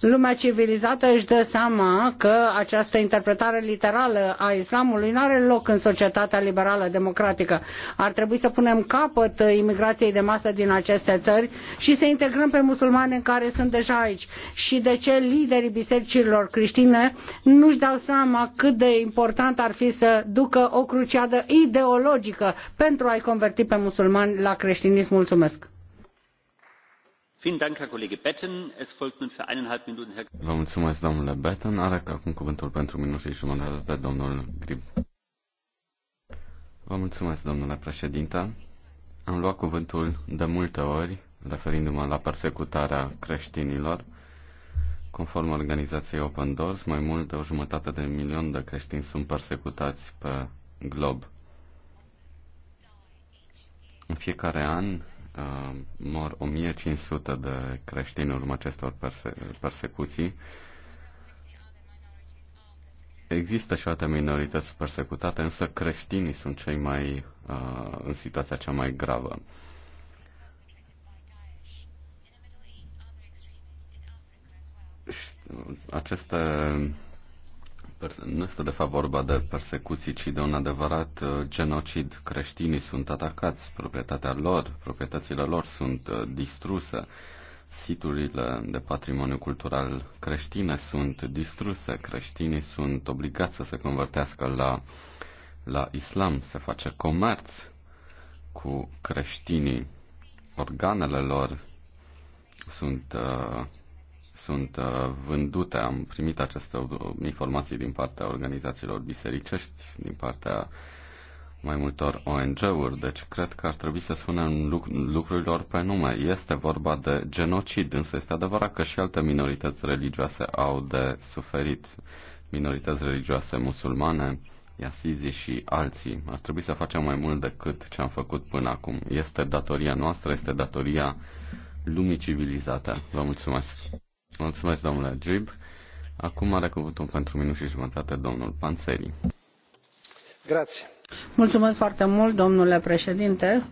Lumea civilizată își dă seama că această interpretare literală a islamului nu are loc în societatea liberală democratică. Ar trebui să punem capăt imigrației de masă din aceste țări și să integrăm pe musulmani care sunt deja aici. Și de ce liderii bisericilor creștine nu-și dau seama cât de important ar fi să ducă o cruciadă ideologică pentru a-i converti pe musulmani la creștinism? Mulțumesc! Betten. acum cuvântul pentru și domnul Grib. domnule președinte. Am luat cuvântul de multe ori, referindu-mă la persecutarea creștinilor. Conform organizației Open Doors, mai mult de o jumătate de milion de creștini sunt persecutați pe glob. În fiecare an, uh, mor 1500 de creștini în urma acestor perse- persecuții. Există și alte minorități persecutate, însă creștinii sunt cei mai uh, în situația cea mai gravă. Aceste nu este de fapt vorba de persecuții, ci de un adevărat uh, genocid. Creștinii sunt atacați, proprietatea lor, proprietățile lor sunt uh, distruse, siturile de patrimoniu cultural creștine sunt distruse, creștinii sunt obligați să se convertească la, la islam, se face comerț cu creștinii, organele lor sunt uh, sunt uh, vândute. Am primit aceste uh, informații din partea organizațiilor bisericești, din partea mai multor ONG-uri, deci cred că ar trebui să spunem lucrurilor pe nume. Este vorba de genocid, însă este adevărat că și alte minorități religioase au de suferit. Minorități religioase musulmane, Yasizi și alții. Ar trebui să facem mai mult decât ce am făcut până acum. Este datoria noastră, este datoria lumii civilizate. Vă mulțumesc! Mulțumesc, domnule Gib. Acum are cuvântul pentru minut și jumătate domnul Panțeri. Grație. Mulțumesc foarte mult, domnule președinte.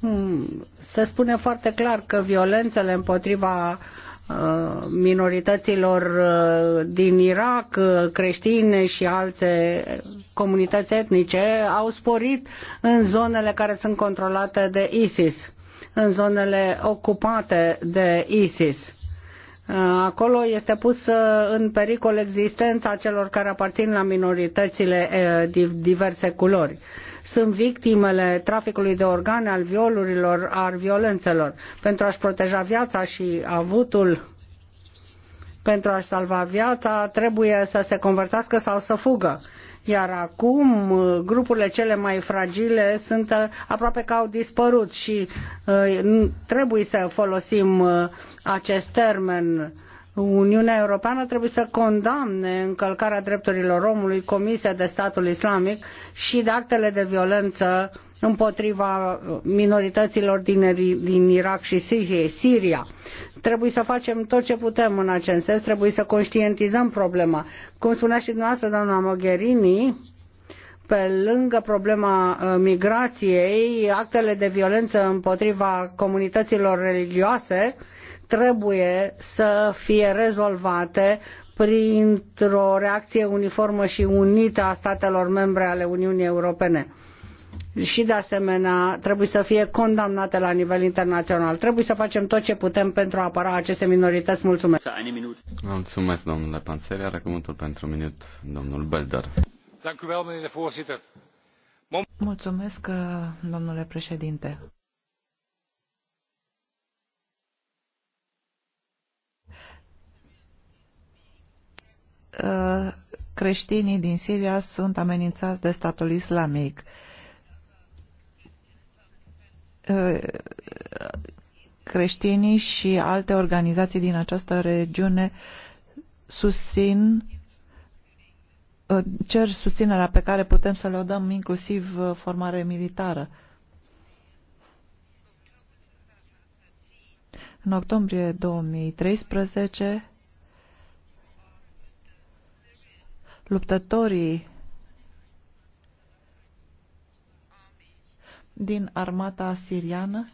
Hmm, se spune foarte clar că violențele împotriva uh, minorităților uh, din Irak, uh, creștine și alte comunități etnice au sporit în zonele care sunt controlate de ISIS, în zonele ocupate de ISIS Acolo este pusă uh, în pericol existența celor care aparțin la minoritățile uh, diverse culori. Sunt victimele traficului de organe, al violurilor, al violențelor. Pentru a-și proteja viața și avutul, pentru a-și salva viața, trebuie să se convertească sau să fugă. Iar acum grupurile cele mai fragile sunt aproape că au dispărut și uh, trebuie să folosim uh, acest termen Uniunea Europeană trebuie să condamne încălcarea drepturilor omului comise de statul islamic și de actele de violență împotriva minorităților din, din Irak și Siria. Trebuie să facem tot ce putem în acest sens, trebuie să conștientizăm problema. Cum spunea și dumneavoastră, doamna Mogherini, pe lângă problema uh, migrației, actele de violență împotriva comunităților religioase uh, trebuie să fie rezolvate printr-o reacție uniformă și unită a statelor membre ale Uniunii Europene și de asemenea trebuie să fie condamnate la nivel internațional. Trebuie să facem tot ce putem pentru a apăra aceste minorități. Mulțumesc. Mulțumesc, domnule Panțeri. Are cuvântul pentru minut, domnul Belder. Mulțumesc, domnule președinte. Uh, creștinii din Siria sunt amenințați de statul islamic. Uh, creștinii și alte organizații din această regiune susțin uh, cer susținerea pe care putem să le dăm inclusiv formare militară. În octombrie 2013 luptătorii din armata siriană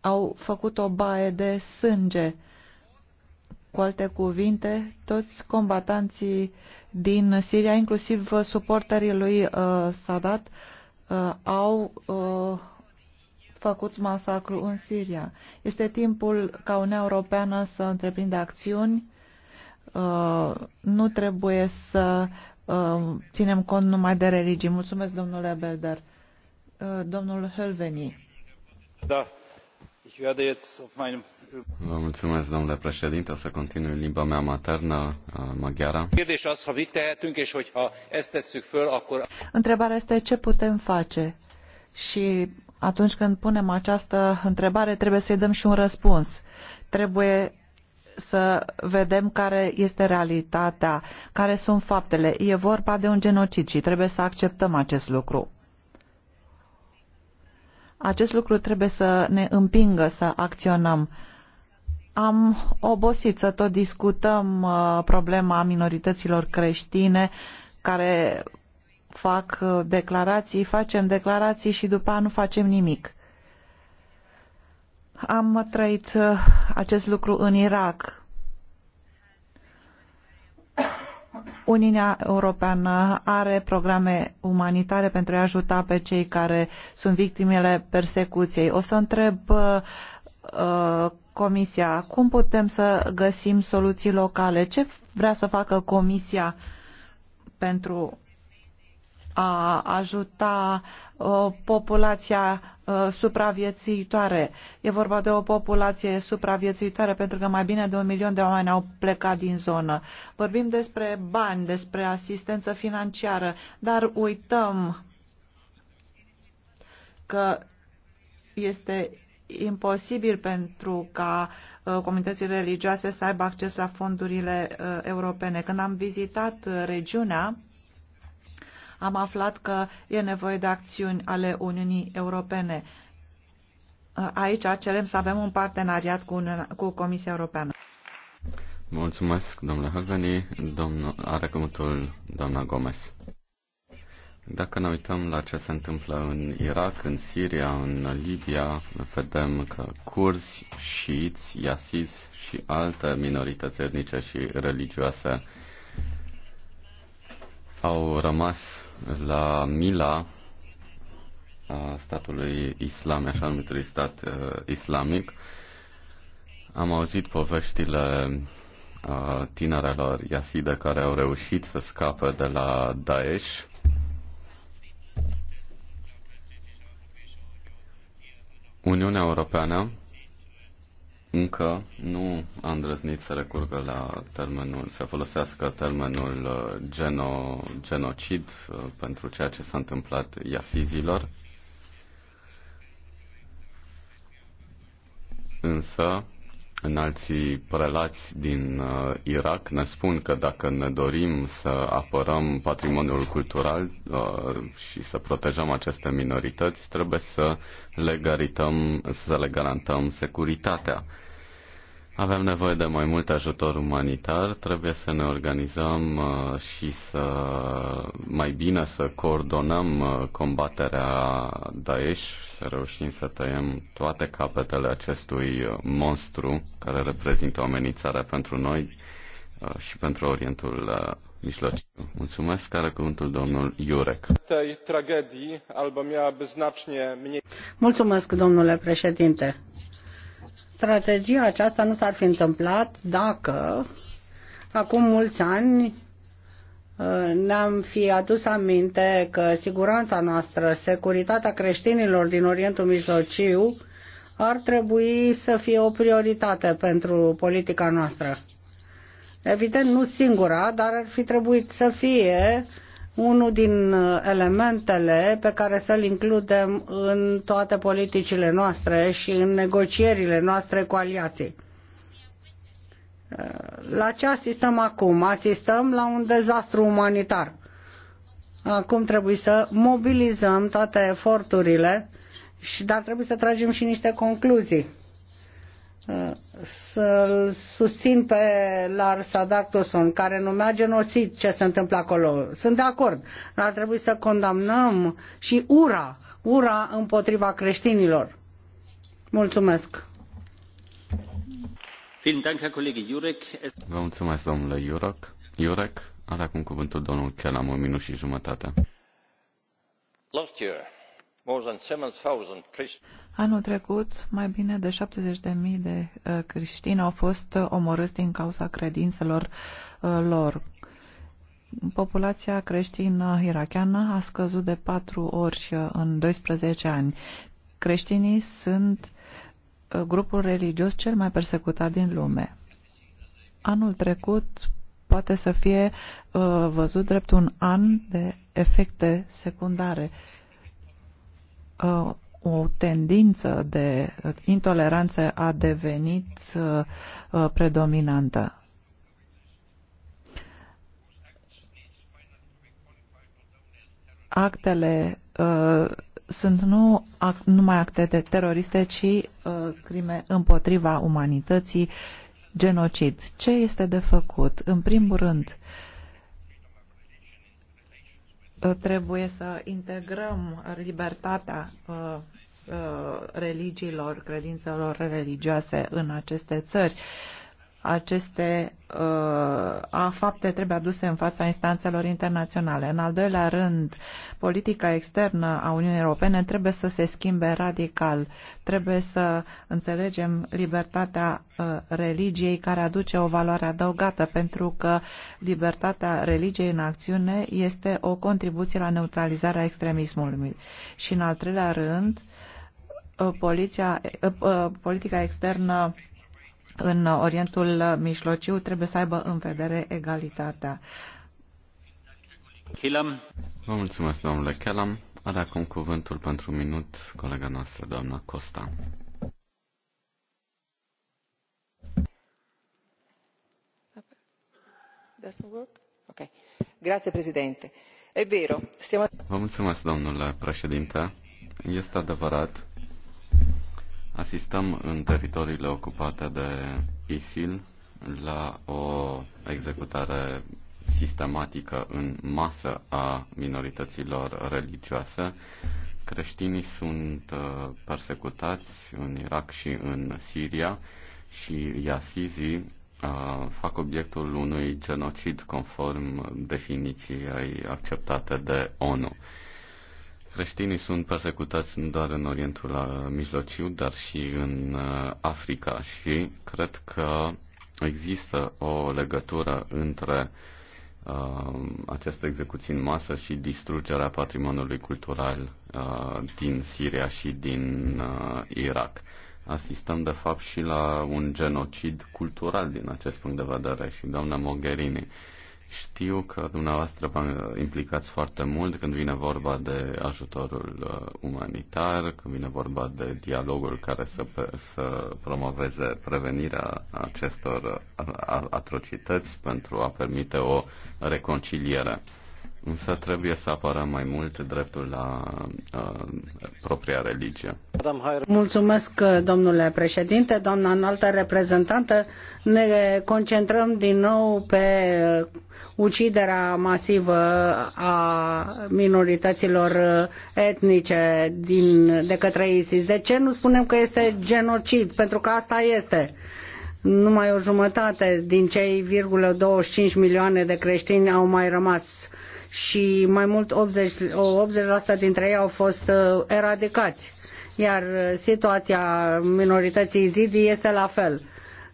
au făcut o baie de sânge. Cu alte cuvinte, toți combatanții din Siria, inclusiv suporterii lui uh, Sadat, uh, au uh, făcut masacru în Siria. Este timpul ca Uniunea Europeană să întreprindă acțiuni Uh, nu trebuie să uh, ținem cont numai de religii. Mulțumesc, domnule Belder. Uh, domnul Hölveni. Da. Vă mulțumesc, domnule președinte. O să continui în limba mea maternă, maghiara. Întrebarea este ce putem face și atunci când punem această întrebare trebuie să-i dăm și un răspuns. Trebuie să vedem care este realitatea, care sunt faptele. E vorba de un genocid și trebuie să acceptăm acest lucru. Acest lucru trebuie să ne împingă să acționăm. Am obosit să tot discutăm uh, problema minorităților creștine care fac uh, declarații, facem declarații și după nu facem nimic am trăit uh, acest lucru în Irak. Uniunea Europeană are programe umanitare pentru a ajuta pe cei care sunt victimele persecuției. O să întreb uh, uh, Comisia, cum putem să găsim soluții locale? Ce vrea să facă Comisia pentru a ajuta uh, populația uh, supraviețuitoare. E vorba de o populație supraviețuitoare pentru că mai bine de un milion de oameni au plecat din zonă. Vorbim despre bani, despre asistență financiară, dar uităm că este imposibil pentru ca uh, comunitățile religioase să aibă acces la fondurile europene. Când am vizitat regiunea, am aflat că e nevoie de acțiuni ale Uniunii Europene. Aici cerem să avem un parteneriat cu, cu Comisia Europeană. Mulțumesc, domnule Hagani. Domnul, are cuvântul doamna Gomez. Dacă ne uităm la ce se întâmplă în Irak, în Siria, în Libia, vedem că curzi, șiiți, iasis și alte minorități etnice și religioase au rămas la mila statului islam, așa numitului stat uh, islamic. Am auzit poveștile uh, tinerelor Yaside care au reușit să scape de la Daesh. Uniunea Europeană încă nu a îndrăznit să recurgă la termenul, să folosească termenul uh, geno, genocid uh, pentru ceea ce s-a întâmplat iasizilor. Însă, în alții prelați din uh, Irak ne spun că dacă ne dorim să apărăm patrimoniul cultural uh, și să protejăm aceste minorități, trebuie să le, garităm, să le garantăm securitatea. Uh, avem nevoie de mai mult ajutor umanitar, trebuie să ne organizăm uh, și să mai bine să coordonăm uh, combaterea Daesh, să reușim să tăiem toate capetele acestui uh, monstru care reprezintă o amenințare pentru noi și pentru Orientul Mijlociu. Mulțumesc, care cuvântul domnul Iurec. Mulțumesc, domnule președinte Strategia aceasta nu s-ar fi întâmplat dacă acum mulți ani uh, ne-am fi adus aminte că siguranța noastră, securitatea creștinilor din Orientul Mijlociu ar trebui să fie o prioritate pentru politica noastră. Evident, nu singura, dar ar fi trebuit să fie uh, unul din uh, elementele pe care să-l includem în toate politicile noastre și în negocierile noastre cu aliații. Uh, la ce asistăm acum? Asistăm la un dezastru umanitar. Acum trebuie să mobilizăm toate eforturile, și dar trebuie să tragem și niște concluzii să-l susțin pe Lars Adactoson, care numea genocid ce se întâmplă acolo. Sunt de acord, dar ar trebui să condamnăm și ura, ura împotriva creștinilor. Mulțumesc! Vă mulțumesc, domnule Iurec. Iurec are acum cuvântul domnul Chelam, o minut și jumătate. Last year, Anul trecut, mai bine de 70.000 de uh, creștini au fost uh, omorâți din cauza credințelor uh, lor. Populația creștină irachiană a scăzut de patru ori în 12 ani. Creștinii sunt grupul religios cel mai persecutat din lume. Anul trecut poate să fie văzut drept un an de efecte secundare uh, o tendință de intoleranță a devenit uh, predominantă. Actele uh, sunt nu ac numai acte de teroriste, ci uh, crime împotriva umanității, genocid. Ce este de făcut? În primul rând, uh, Uh, trebuie să integrăm libertatea uh, uh, religiilor, credințelor religioase în aceste țări aceste uh, a fapte trebuie aduse în fața instanțelor internaționale. În al doilea rând, politica externă a Uniunii Europene trebuie să se schimbe radical. Trebuie să înțelegem libertatea uh, religiei care aduce o valoare adăugată, pentru că libertatea religiei în acțiune este o contribuție la neutralizarea extremismului. Și în al treilea rând, uh, poliția, politica externă în Orientul Mijlociu trebuie să aibă în vedere egalitatea. Vă mulțumesc, domnule Chelam. Are acum cuvântul pentru un minut colega noastră, doamna Costa. Vă mulțumesc, domnule președinte. Este adevărat Asistăm în teritoriile ocupate de ISIL la o executare sistematică în masă a minorităților religioase. Creștinii sunt uh, persecutați în Irak și în Siria și iasizii uh, fac obiectul unui genocid conform definiției acceptate de ONU. Creștinii sunt persecutați nu doar în Orientul Mijlociu, dar și în uh, Africa și cred că există o legătură între uh, aceste execuții în masă și distrugerea patrimoniului cultural uh, din Siria și din uh, Irak. Asistăm, de fapt, și la un genocid cultural din acest punct de vedere și doamna Mogherini. Uh, știu că dumneavoastră vă implicați foarte mult când vine vorba de ajutorul uh, umanitar, când vine vorba de dialogul care să, să promoveze prevenirea acestor uh, atrocități pentru a permite o reconciliere însă trebuie să apară mai mult dreptul la uh, propria religie. Mulțumesc, domnule președinte, doamna înaltă reprezentantă. Ne concentrăm din nou pe uh, uciderea masivă a minorităților uh, etnice din, de către ISIS. De ce nu spunem că este genocid? Pentru că asta este numai o jumătate din cei 25 milioane de creștini au mai rămas și mai mult 80, 80% dintre ei au fost uh, eradicați. Iar uh, situația minorității zidii este la fel.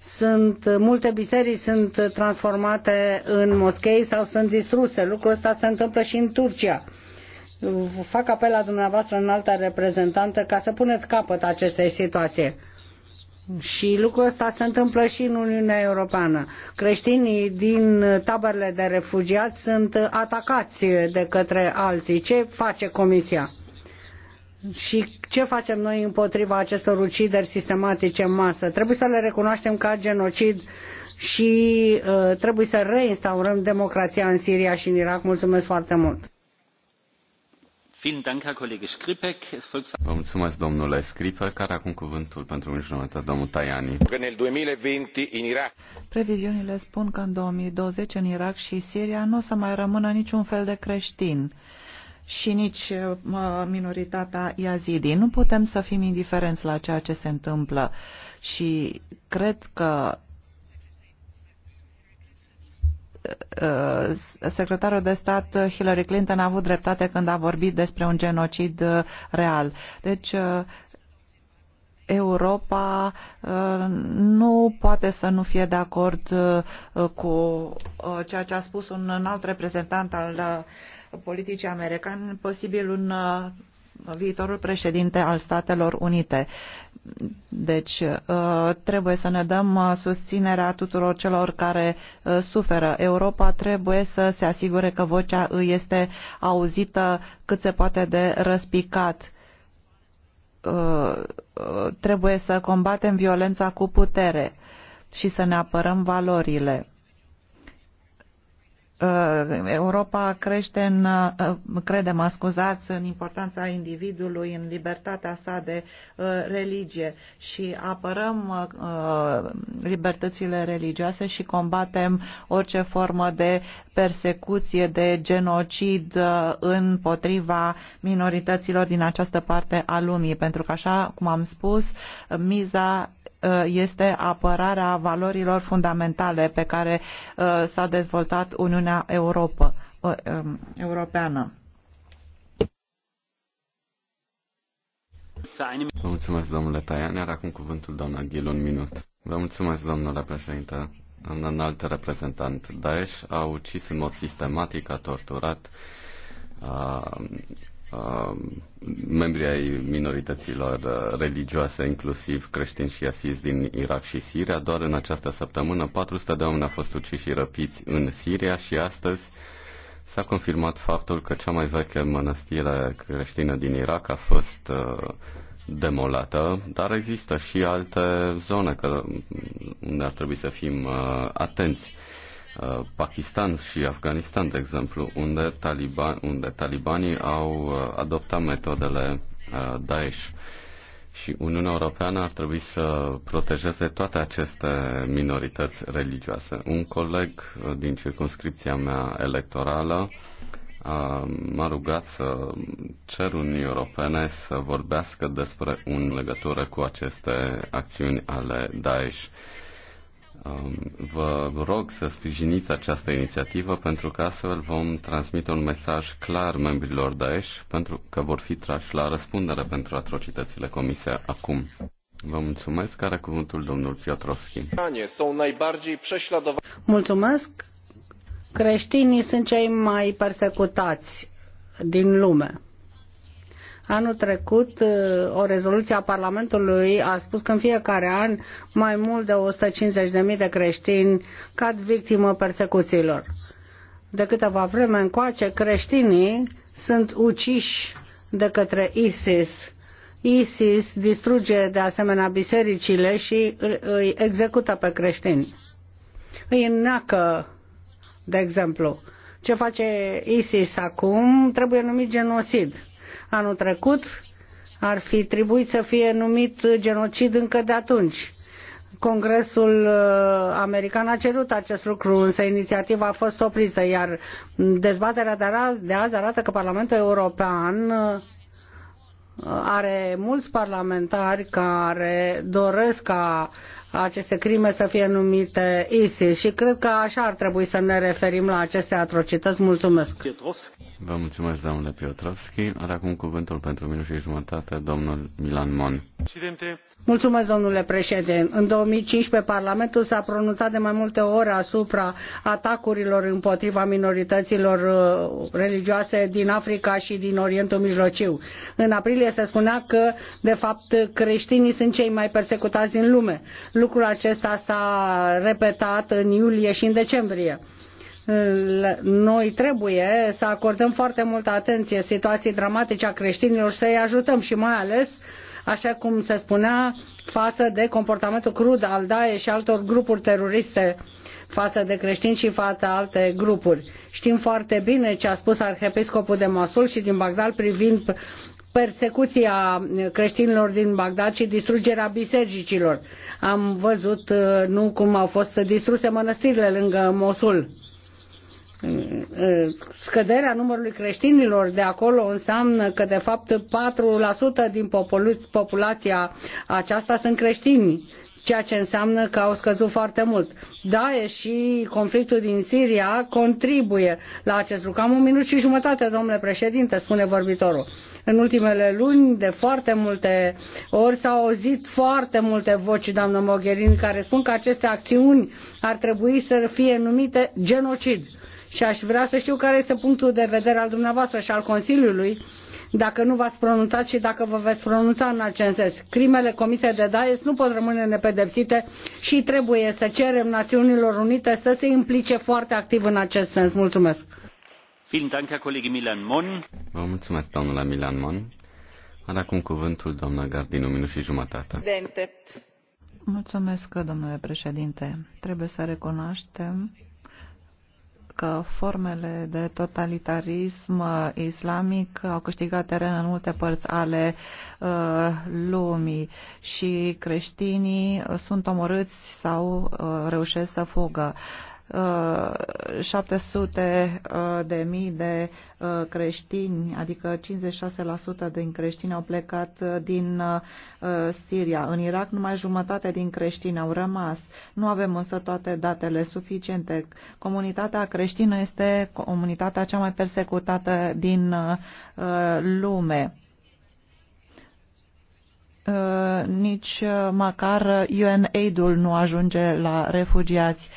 Sunt, uh, multe biserici sunt transformate în moschei sau sunt distruse. Lucrul ăsta se întâmplă și în Turcia fac apel la dumneavoastră în alta reprezentantă ca să puneți capăt acestei situații. Și lucrul ăsta se întâmplă și în Uniunea Europeană. Creștinii din taberele de refugiați sunt atacați de către alții. Ce face Comisia? Și ce facem noi împotriva acestor ucideri sistematice în masă? Trebuie să le recunoaștem ca genocid și uh, trebuie să reinstaurăm democrația în Siria și în Irak. Mulțumesc foarte mult! Vă mulțumesc, domnule Scripe, care acum cuvântul pentru un jumătate, domnul Tajani. Previziunile spun că în 2020 în Irak și Siria nu o să mai rămână niciun fel de creștin și nici uh, minoritatea Yazidi. Nu putem să fim indiferenți la ceea ce se întâmplă și cred că Uh, secretarul de stat uh, Hillary Clinton a avut dreptate când a vorbit despre un genocid uh, real. Deci Europa nu poate să nu fie de acord cu ceea ce a spus un alt reprezentant al politicii americane, posibil un viitorul președinte al Statelor Unite. Deci uh, trebuie să ne dăm uh, susținerea tuturor celor care uh, suferă. Europa trebuie să se asigure că vocea îi este auzită cât se poate de răspicat trebuie să combatem violența cu putere și să ne apărăm valorile. Uh, Europa crește în, uh, credem, scuzați, în importanța individului, în libertatea sa de uh, religie și apărăm libertățile religioase și combatem orice formă de persecuție, de genocid împotriva minorităților din această parte a lumii, pentru că, așa cum am spus, miza Uh, este apărarea valorilor fundamentale pe care uh, s-a dezvoltat Uniunea Europa, uh, um, Europeană. Vă mulțumesc, domnule Taian. Iar acum cuvântul doamna Ghil, un minut. Vă mulțumesc, domnule președinte. Un înalt reprezentant Daesh a ucis în mod sistematic, a torturat, a Um, membrii ai minorităților uh, religioase, inclusiv creștini și asizi din Irak și Siria. Doar în această săptămână 400 de oameni au fost uciși și răpiți în Siria și astăzi s-a confirmat faptul că cea mai veche mănăstire creștină din Irak a fost uh, demolată, dar există și alte zone unde ar trebui să fim uh, atenți Uh, Pakistan și Afganistan, de exemplu, unde, taliban, unde talibanii au uh, adoptat metodele uh, Daesh. Și Uniunea Europeană ar trebui să protejeze toate aceste minorități religioase. Un coleg din circunscripția mea electorală m-a rugat să cer Uniunii Europene să vorbească despre un legătură cu aceste acțiuni ale Daesh. Um, vă rog să sprijiniți această inițiativă pentru că astfel vom transmite un mesaj clar membrilor Daesh pentru că vor fi trași la răspundere pentru atrocitățile comise acum. Vă mulțumesc. care cuvântul domnul Piotrowski. Mulțumesc. Creștinii sunt cei mai persecutați din lume. Anul trecut, uh, o rezoluție a Parlamentului a spus că în fiecare an mai mult de 150.000 de creștini cad victimă persecuțiilor. De câteva vreme încoace, creștinii sunt uciși de către ISIS. ISIS distruge de asemenea bisericile și îi execută pe creștini. Îi înneacă, de exemplu, ce face ISIS acum trebuie numit genocid anul trecut, ar fi trebuit să fie numit genocid încă de atunci. Congresul uh, american a cerut acest lucru, însă inițiativa a fost oprită, iar dezbaterea de azi, de azi arată că Parlamentul European uh, are mulți parlamentari care doresc ca aceste crime să fie numite ISIS și cred că așa ar trebui să ne referim la aceste atrocități. Mulțumesc! Vă mulțumesc, domnule Piotrovski. Are acum cuvântul pentru minut și jumătate, domnul Milan Mon. Mulțumesc, domnule președinte. În 2015, Parlamentul s-a pronunțat de mai multe ori asupra atacurilor împotriva minorităților uh, religioase din Africa și din Orientul Mijlociu. În aprilie se spunea că, de fapt, creștinii sunt cei mai persecutați din lume. Lucrul acesta s-a repetat în iulie și în decembrie noi trebuie să acordăm foarte multă atenție situației dramatice a creștinilor și să-i ajutăm și mai ales, așa cum se spunea, față de comportamentul crud al DAE și altor grupuri teroriste față de creștini și față alte grupuri. Știm foarte bine ce a spus arhiepiscopul de Masul și din Bagdad privind persecuția creștinilor din Bagdad și distrugerea bisericilor. Am văzut uh, nu cum au fost distruse mănăstirile lângă Mosul. Uh, uh, scăderea numărului creștinilor de acolo înseamnă că de fapt 4% din populația aceasta sunt creștini ceea ce înseamnă că au scăzut foarte mult. Da, și conflictul din Siria contribuie la acest lucru. Am un minut și jumătate, domnule președinte, spune vorbitorul. În ultimele luni, de foarte multe ori, s-au auzit foarte multe voci, doamnă Mogherini, care spun că aceste acțiuni ar trebui să fie numite genocid. Și aș vrea să știu care este punctul de vedere al dumneavoastră și al Consiliului dacă nu v-ați pronunțat și dacă vă veți pronunța în acest sens. Crimele comise de Daesh nu pot rămâne nepedepsite și trebuie să cerem Națiunilor Unite să se implice foarte activ în acest sens. Mulțumesc! Vă mulțumesc, domnule Milan Mon. Are acum cuvântul doamna Gardinu, minut și jumătate. Mulțumesc, domnule președinte. Trebuie să recunoaștem că formele de totalitarism islamic au câștigat teren în multe părți ale uh, lumii și creștinii sunt omorâți sau uh, reușesc să fugă. Uh, 700 uh, uh, de mii de uh, creștini, adică 56% din creștini au plecat din Siria. În Irak numai jumătate din creștini au rămas. Nu avem însă toate datele suficiente. Comunitatea creștină este comunitatea cea mai persecutată din lume nici măcar UNAID-ul nu ajunge la refugiați.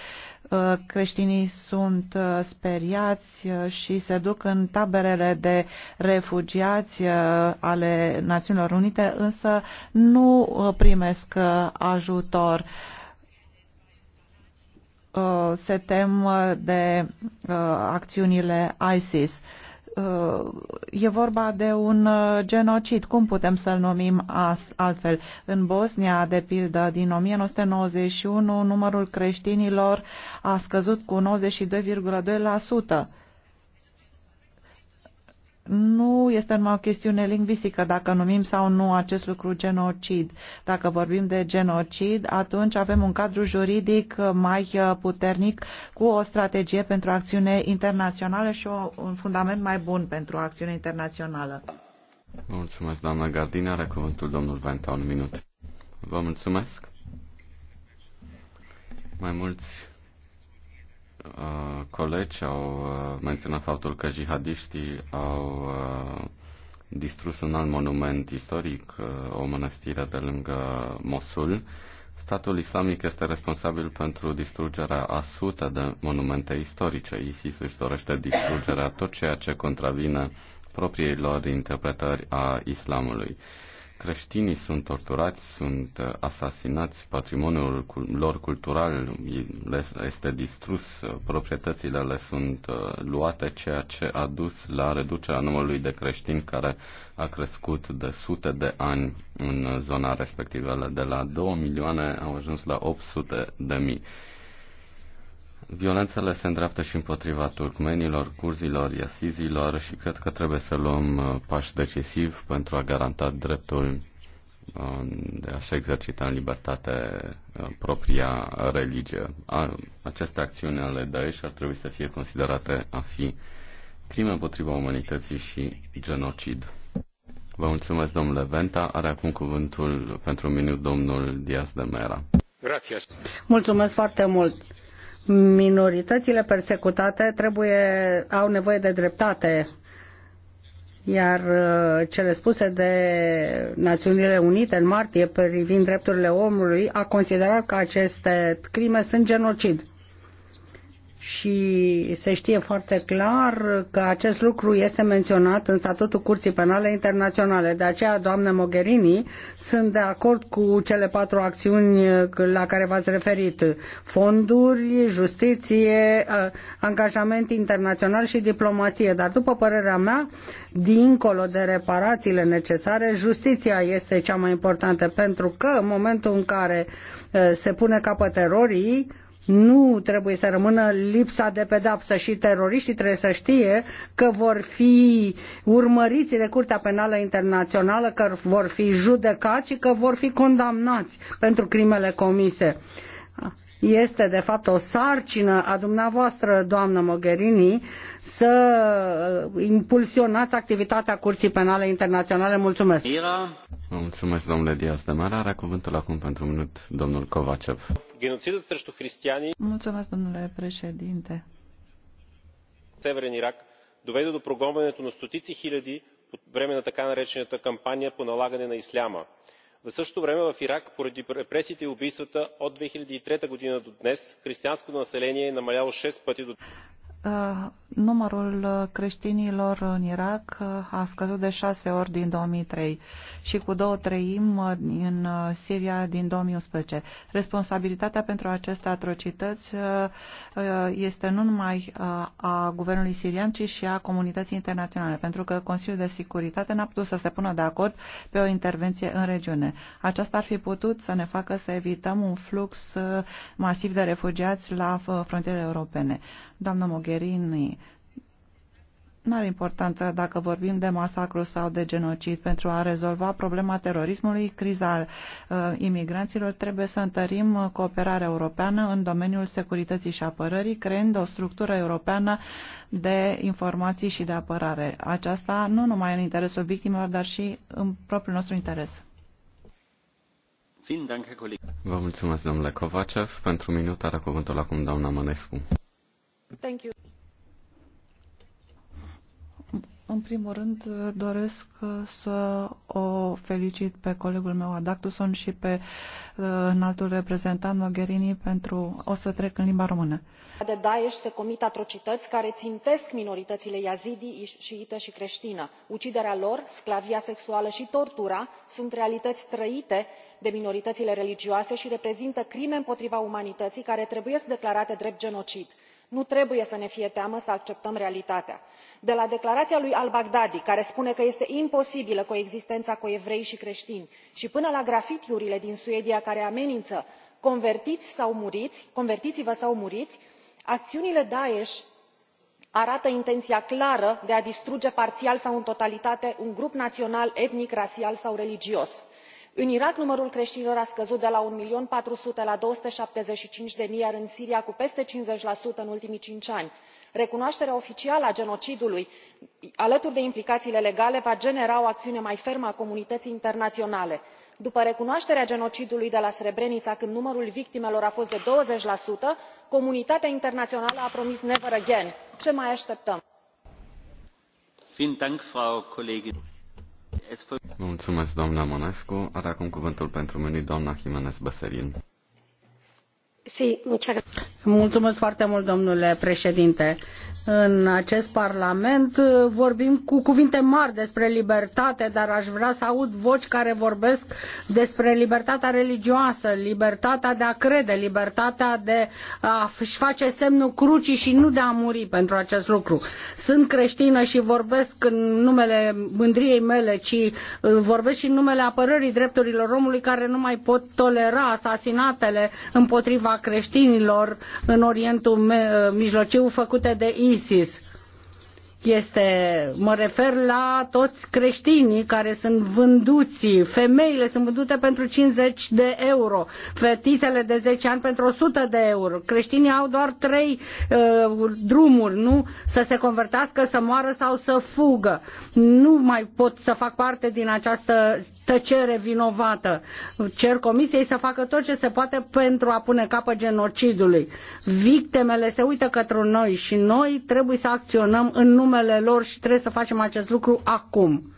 Uh, creștinii sunt uh, speriați uh, și se duc în taberele de refugiați ale Națiunilor Unite, însă nu primesc ajutor. Se tem de acțiunile ISIS. Uh, e vorba de un uh, genocid, cum putem să-l numim altfel? În Bosnia, de pildă, din 1991, numărul creștinilor a scăzut cu 92,2% nu este numai o chestiune lingvistică dacă numim sau nu acest lucru genocid. Dacă vorbim de genocid, atunci avem un cadru juridic mai puternic cu o strategie pentru acțiune internațională și un fundament mai bun pentru acțiune internațională. Mulțumesc, doamna Gardina. Are cuvântul domnul Venta, un minut. Vă mulțumesc. Mai mulți uh, colegi au uh, menționat faptul că jihadiștii au uh, distrus un alt monument istoric, uh, o mănăstire de lângă Mosul. Statul islamic este responsabil pentru distrugerea a sute de monumente istorice. ISIS își dorește distrugerea tot ceea ce contravine propriilor interpretări a islamului. Uh, creștinii sunt torturați, sunt uh, asasinați, patrimoniul lor cultural este distrus, uh, proprietățile le sunt uh, luate, ceea ce a dus la reducerea numărului de creștini care a crescut de sute de ani în zona respectivă. De la 2 milioane au ajuns la 800 de mii. Violențele se îndreaptă și împotriva turcmenilor, curzilor, iasizilor și cred că trebuie să luăm uh, pași decisiv pentru a garanta dreptul uh, de a-și exercita în libertate uh, propria religie. Aceste acțiuni ale Daesh ar trebui să fie considerate a fi crime împotriva umanității și genocid. Vă mulțumesc, domnule Venta. Are acum cuvântul pentru un minut domnul Diaz de Mera. Mulțumesc foarte mult minoritățile persecutate trebuie, au nevoie de dreptate, iar uh, cele spuse de Națiunile Unite în martie privind drepturile omului a considerat că aceste crime sunt genocid și se știe foarte clar că acest lucru este menționat în statutul Curții Penale Internaționale. De aceea, doamnă Mogherini, sunt de acord cu cele patru acțiuni la care v-ați referit. Fonduri, justiție, uh, angajament internațional și diplomație. Dar, după părerea mea, dincolo de reparațiile necesare, justiția este cea mai importantă, pentru că în momentul în care uh, se pune capăt erorii, nu trebuie să rămână lipsa de pedapsă și teroriștii trebuie să știe că vor fi urmăriți de Curtea Penală Internațională, că vor fi judecați și că vor fi condamnați pentru crimele comise este de fapt o sarcină a dumneavoastră, doamnă Mogherini, să uh, impulsionați activitatea Curții Penale Internaționale. Mulțumesc! Vă mulțumesc, domnule Diaz de Mare. Are cuvântul acum pentru un minut domnul Kovacev. Mulțumesc, domnule președinte. Северен Ирак доведе до прогонването на стотици хиляди по време на така наречената кампания по налагане на исляма в същото време в ирак поради репресиите и убийствата от две хиляди и трета г. до днес християнското население е намаляло шест пъти. до. Uh, numărul uh, creștinilor în Irak uh, a scăzut de șase ori din 2003 și cu două treimi în Siria din 2011. Responsabilitatea pentru aceste atrocități este nu numai a guvernului sirian, ci și a comunității internaționale, pentru că Consiliul de Securitate n-a putut să se pună de acord pe o intervenție în regiune. Aceasta ar fi putut să ne facă să evităm un flux masiv de refugiați la frontierele europene. Doamna Mogherini, Mogherini. Nu are importanță dacă vorbim de masacru sau de genocid. Pentru a rezolva problema terorismului, criza uh, imigranților, trebuie să întărim cooperarea europeană în domeniul securității și apărării, creând o structură europeană de informații și de apărare. Aceasta nu numai în interesul victimelor, dar și în propriul nostru interes. Vă mulțumesc, domnule Covacev. Pentru minut are cuvântul acum doamna Mănescu. În primul rând, doresc uh, să o felicit pe colegul meu Adactuson și pe uh, înaltul reprezentant Mogherini pentru... O să trec în limba română. ...de Daesh se comit atrocități care țintesc minoritățile yazidi, șiită și creștină. Uciderea lor, sclavia sexuală și tortura sunt realități trăite de minoritățile religioase și reprezintă crime împotriva umanității care trebuie să declarate drept genocid nu trebuie să ne fie teamă să acceptăm realitatea de la declarația lui al baghdadi care spune că este imposibilă coexistența cu evrei și creștini și până la grafitiurile din suedia care amenință convertiți vă sau muriți acțiunile daesh arată intenția clară de a distruge parțial sau în totalitate un grup național etnic rasial sau religios în irak numărul creștinilor a scăzut de la unu patru sute la două sute șaptezeci și cinci zero iar în siria cu peste cincizeci în ultimii cinci ani. recunoașterea oficială a genocidului alături de implicațiile legale va genera o acțiune mai fermă a comunității internaționale. după recunoașterea genocidului de la srebrenica când numărul victimelor a fost de douăzeci comunitatea internațională a promis never again. ce mai așteptăm? Mulțumesc, doamna Mănescu. Are acum cuvântul pentru mine doamna Jimenez Băserin. Mulțumesc foarte mult, domnule președinte. În acest Parlament uh, vorbim cu cuvinte mari despre libertate, dar aș vrea să aud voci care vorbesc despre libertatea religioasă, libertatea de a crede, libertatea de a-și face semnul crucii și nu de a muri pentru acest lucru. Sunt creștină și vorbesc în numele mândriei mele, ci uh, vorbesc și în numele apărării drepturilor omului care nu mai pot tolera asasinatele împotriva creștinilor în Orientul Mijlociu făcute de ISIS este, mă refer la toți creștinii care sunt vânduți, femeile sunt vândute pentru 50 de euro, fetițele de 10 ani pentru 100 de euro. Creștinii au doar trei uh, drumuri, nu? Să se convertească, să moară sau să fugă. Nu mai pot să fac parte din această tăcere vinovată. Cer comisiei să facă tot ce se poate pentru a pune capăt genocidului. Victimele se uită către noi și noi trebuie să acționăm în numele numele lor și trebuie să facem acest lucru acum.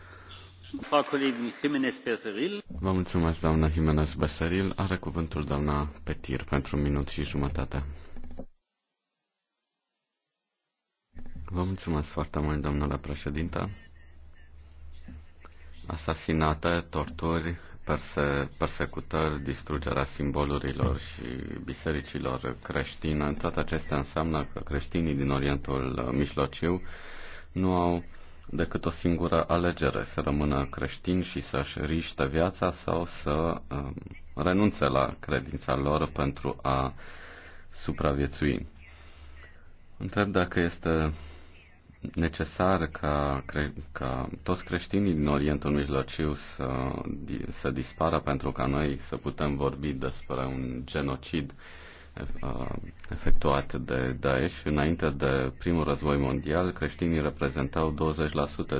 Vă mulțumesc, doamna Jimenez Besaril. Are cuvântul doamna Petir pentru un minut și jumătate. Vă mulțumesc foarte mult, domnule președinte. Asasinate, torturi, perse, persecutări, distrugerea simbolurilor și bisericilor creștine, toate acestea înseamnă că creștinii din Orientul Mijlociu nu au decât o singură alegere, să rămână creștini și să-și riște viața sau să uh, renunțe la credința lor pentru a supraviețui. Întreb dacă este necesar ca, cre- ca toți creștinii din Orientul Mijlociu să, să dispară pentru ca noi să putem vorbi despre un genocid Uh, efectuat de Daesh. Înainte de primul război mondial, creștinii reprezentau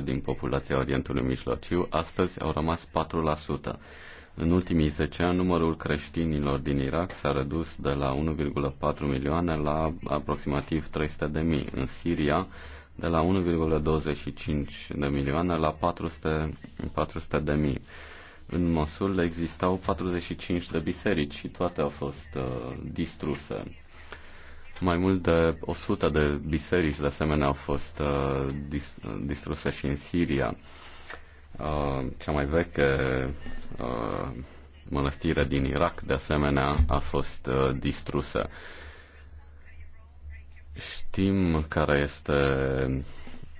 20% din populația Orientului Mijlociu, astăzi au rămas 4%. În ultimii 10 ani, numărul creștinilor din Irak s-a redus de la 1,4 milioane la aproximativ 300 de mii. În Siria, de la 1,25 de milioane la 400, 400 de mii în Mosul existau 45 de biserici și toate au fost uh, distruse. Mai mult de 100 de biserici de asemenea au fost uh, dis- distruse și în Siria. Uh, cea mai veche uh, mănăstire din Irak de asemenea a fost uh, distrusă. Știm care este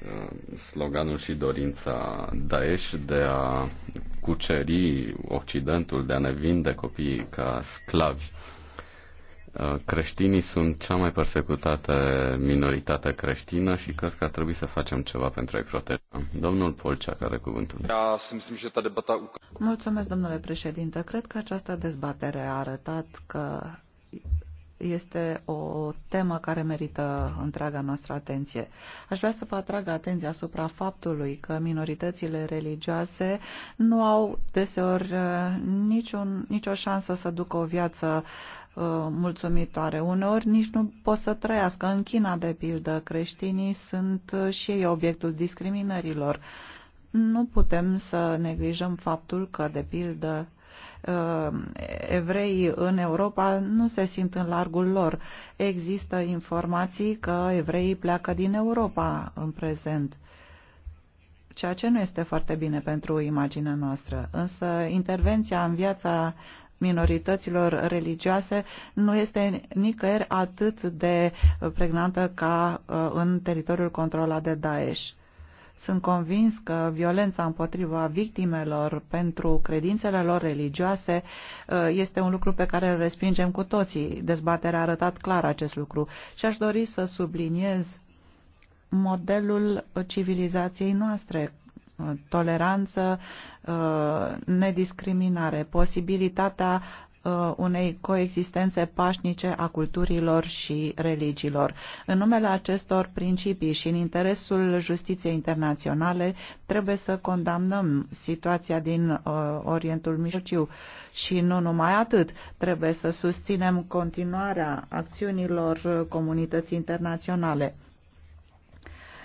uh, sloganul și dorința Daesh de a cuceri Occidentul, de a ne vinde copiii ca sclavi. Uh, creștinii sunt cea mai persecutată minoritate creștină și cred că ar trebui să facem ceva pentru a-i proteja. Domnul Polcea, care cuvântul. Mulțumesc, domnule președinte. Cred că această dezbatere a arătat că este o temă care merită întreaga noastră atenție. Aș vrea să vă atrag atenția asupra faptului că minoritățile religioase nu au deseori uh, niciun, nicio șansă să ducă o viață uh, mulțumitoare. Uneori nici nu pot să trăiască. În China, de pildă, creștinii sunt uh, și ei obiectul discriminărilor. Nu putem să neglijăm faptul că, de pildă, Uh, evrei în Europa nu se simt în largul lor. Există informații că evreii pleacă din Europa în prezent ceea ce nu este foarte bine pentru imaginea noastră. Însă intervenția în viața minorităților religioase nu este nicăieri atât de pregnantă ca uh, în teritoriul controlat de Daesh. Sunt convins că violența împotriva victimelor pentru credințele lor religioase uh, este un lucru pe care îl respingem cu toții. Dezbaterea a arătat clar acest lucru și aș dori să subliniez modelul civilizației noastre, toleranță, uh, nediscriminare, posibilitatea Uh, unei coexistențe pașnice a culturilor și religiilor. În numele acestor principii și în interesul justiției internaționale trebuie să condamnăm situația din uh, Orientul Mijlociu și nu numai atât, trebuie să susținem continuarea acțiunilor uh, comunității internaționale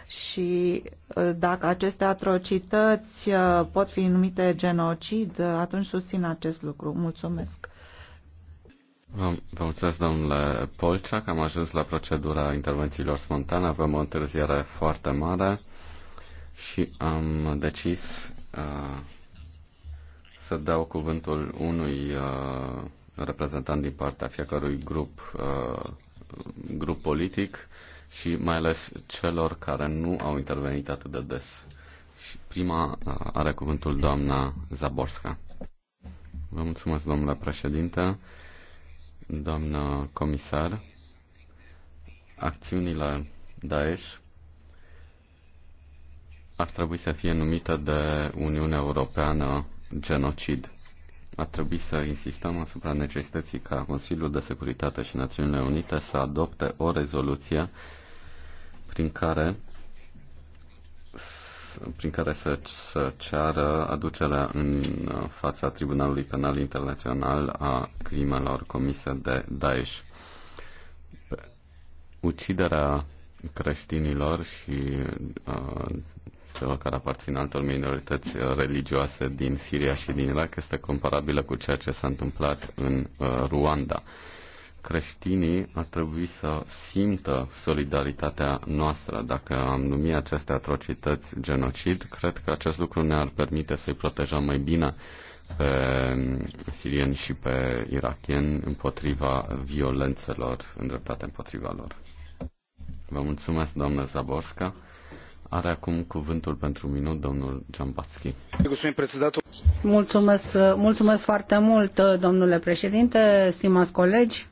și ă, dacă aceste atrocități ă, pot fi numite genocid, ă, atunci susțin acest lucru. Mulțumesc. Vă mulțumesc, domnule Polcea, că am ajuns la procedura intervențiilor spontane. Avem o întârziere foarte mare și am decis uh, să dau cuvântul unui uh, reprezentant din partea fiecărui grup, uh, grup politic și mai ales celor care nu au intervenit atât de des. Și prima are cuvântul doamna Zaborska. Vă mulțumesc, domnule președinte, doamnă comisar. Acțiunile Daesh ar trebui să fie numită de Uniunea Europeană genocid. Ar trebui să insistăm asupra necesității ca Consiliul de Securitate și Națiunile Unite să adopte o rezoluție prin care prin care să, să ceară aducerea în fața Tribunalului Penal Internațional a crimelor comise de Daesh. Uciderea creștinilor și uh, celor care aparțin altor minorități religioase din Siria și din Irak este comparabilă cu ceea ce s-a întâmplat în uh, Ruanda creștinii ar trebui să simtă solidaritatea noastră. Dacă am numit aceste atrocități genocid, cred că acest lucru ne-ar permite să-i protejăm mai bine pe sirieni și pe irakieni împotriva violențelor îndreptate împotriva lor. Vă mulțumesc, doamnă Zaborska. Are acum cuvântul pentru minut domnul Giambatski. Mulțumesc, mulțumesc foarte mult, domnule președinte, stimați colegi.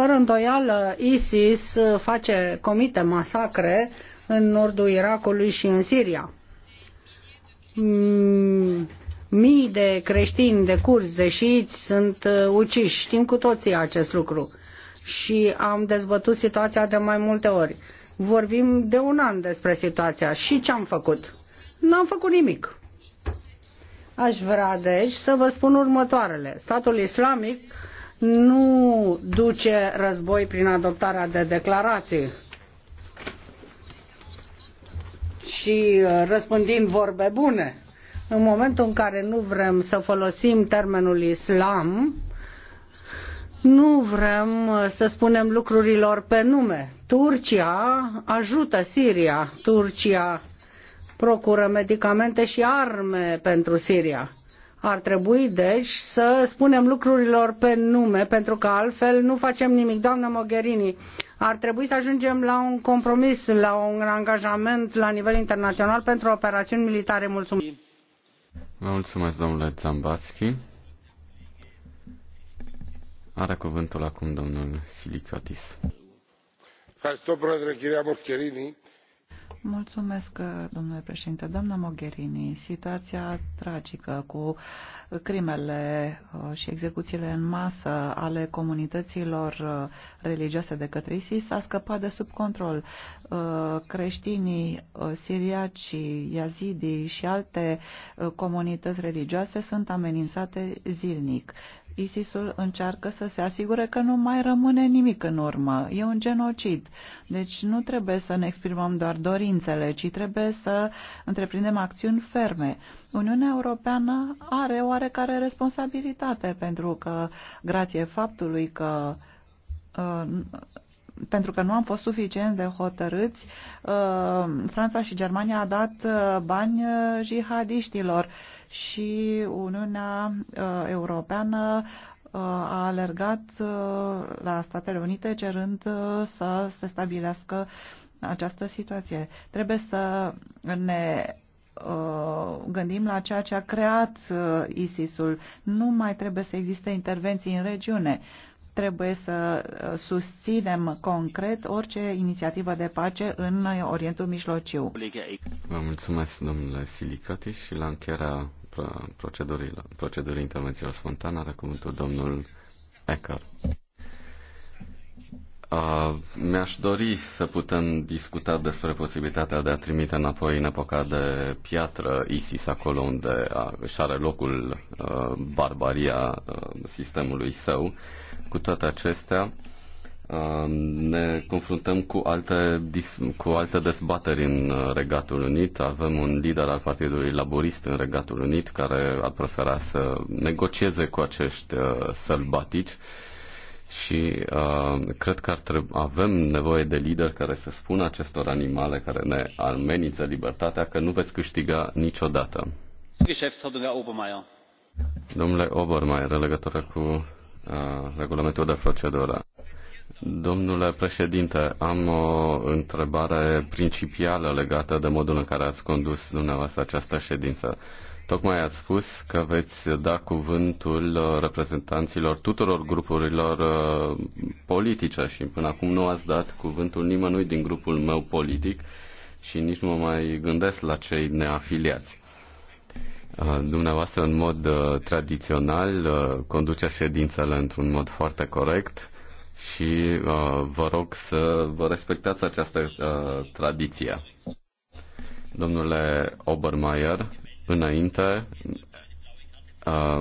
Fără îndoială, ISIS uh, face, comite masacre în nordul Irakului și în Siria. Mm, mii de creștini, de curs de șiiți sunt uh, uciși. Știm cu toții acest lucru. Și am dezbătut situația de mai multe ori. Vorbim de un an despre situația și ce am făcut. N-am făcut nimic. Aș vrea, deci, să vă spun următoarele. Statul islamic nu duce război prin adoptarea de declarații și uh, răspândind vorbe bune. În momentul în care nu vrem să folosim termenul islam, nu vrem uh, să spunem lucrurilor pe nume. Turcia ajută Siria, Turcia procură medicamente și arme pentru Siria. Ar trebui, deci, să spunem lucrurilor pe nume, pentru că altfel nu facem nimic. Doamnă Mogherini, ar trebui să ajungem la un compromis, la un angajament la nivel internațional pentru operațiuni militare. Mulțumesc! Vă mulțumesc, domnule Zambatski. Are cuvântul acum domnul Silicatis. Mulțumesc, domnule Mogherini Mulțumesc, uh, domnule președinte. Doamna Mogherini, situația tragică cu crimele uh, și execuțiile în masă ale comunităților uh, religioase de către ISIS a scăpat de sub control. Creștinii, siriaci, yazidii și alte comunități religioase sunt amenințate zilnic. ISIS-ul încearcă să se asigure că nu mai rămâne nimic în urmă. E un genocid. Deci nu trebuie să ne exprimăm doar dorințele, ci trebuie să întreprindem acțiuni ferme. Uniunea Europeană are oarecare responsabilitate pentru că, grație faptului că uh, pentru că nu am fost suficient de hotărâți, uh, Franța și Germania a dat uh, bani jihadiștilor și Uniunea uh, Europeană uh, a alergat uh, la Statele Unite cerând să se stabilească această situație. Trebuie să ne gândim la ceea ce a creat ISIS-ul. Nu mai trebuie să existe intervenții în regiune. Trebuie să uh, susținem concret orice inițiativă de pace în Orientul Mijlociu. Vă mulțumesc, domnule Silicati, și la încheierea procedurii, intervenției spontane are cuvântul domnul Ecker. Uh, mi-aș dori să putem discuta despre posibilitatea de a trimite înapoi în epoca de piatră ISIS, acolo unde a, își are locul uh, barbaria uh, sistemului său. Cu toate acestea, ne confruntăm cu alte, dis- cu alte dezbateri în Regatul Unit. Avem un lider al Partidului Laborist în Regatul Unit care ar prefera să negocieze cu acești sălbatici și uh, cred că ar trebui, avem nevoie de lideri care să spună acestor animale care ne amenință libertatea că nu veți câștiga niciodată. Domnule Obermeier, în legătură cu uh, regulamentul de procedură. Domnule președinte, am o întrebare principială legată de modul în care ați condus dumneavoastră această ședință. Uh, Tocmai ați spus că veți da cuvântul uh, reprezentanților tuturor grupurilor uh, politice și până acum nu ați dat cuvântul nimănui din grupul meu politic și nici nu mă mai gândesc la cei neafiliați. Uh, dumneavoastră, în mod tradițional, conduceți ședințele într-un mod foarte corect și vă rog să vă respectați această tradiție. Domnule Obermeier, înainte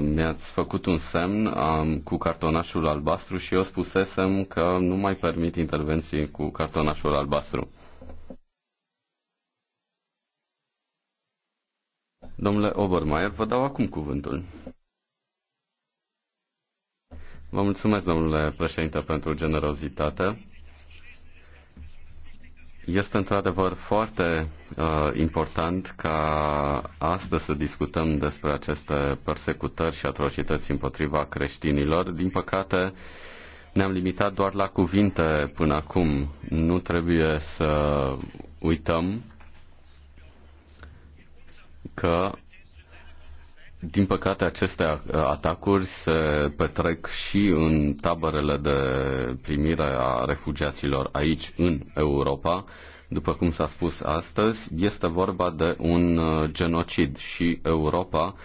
mi-ați făcut un semn um, cu cartonașul albastru și eu spusesem că nu mai permit intervenții cu cartonașul albastru. Domnule Obermeier, vă dau acum cuvântul. Vă mulțumesc, domnule președinte, pentru generozitate. Este într-adevăr foarte uh, important ca astăzi să discutăm despre aceste persecutări și atrocități împotriva creștinilor. Din păcate, ne-am limitat doar la cuvinte până acum. Nu trebuie să uităm că din păcate, aceste atacuri se petrec și în taberele de primire a refugiaților aici, în Europa. După cum s-a spus astăzi, este vorba de un uh, genocid și Europa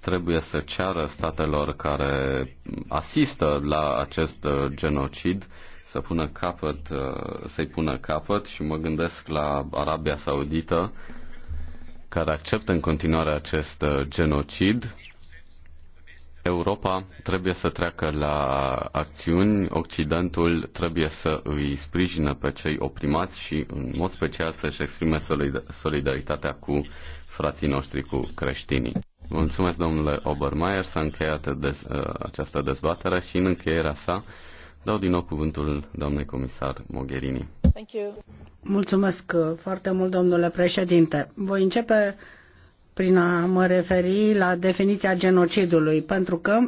trebuie să ceară statelor care asistă la acest uh, genocid să pună capăt, uh, să-i pună capăt și mă gândesc la Arabia Saudită, care acceptă în continuare acest uh, genocid, Europa trebuie să treacă la acțiuni, Occidentul trebuie să îi sprijină pe cei oprimați și, în mod special, să-și exprime solidaritatea cu frații noștri, cu creștinii. Mulțumesc, domnule Obermeier, s-a încheiat dez, uh, această dezbatere și, în încheierea sa, dau din nou cuvântul doamnei comisar Mogherini. Mulțumesc foarte mult, domnule președinte. Voi începe prin a mă referi la definiția genocidului, pentru că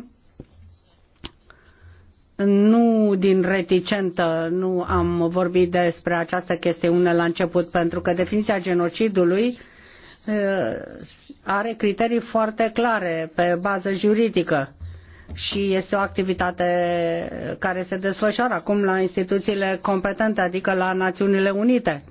nu din reticentă nu am vorbit despre această chestiune la început, pentru că definiția genocidului eh, are criterii foarte clare pe bază juridică și este o activitate care se desfășoară acum la instituțiile competente, adică la Națiunile Unite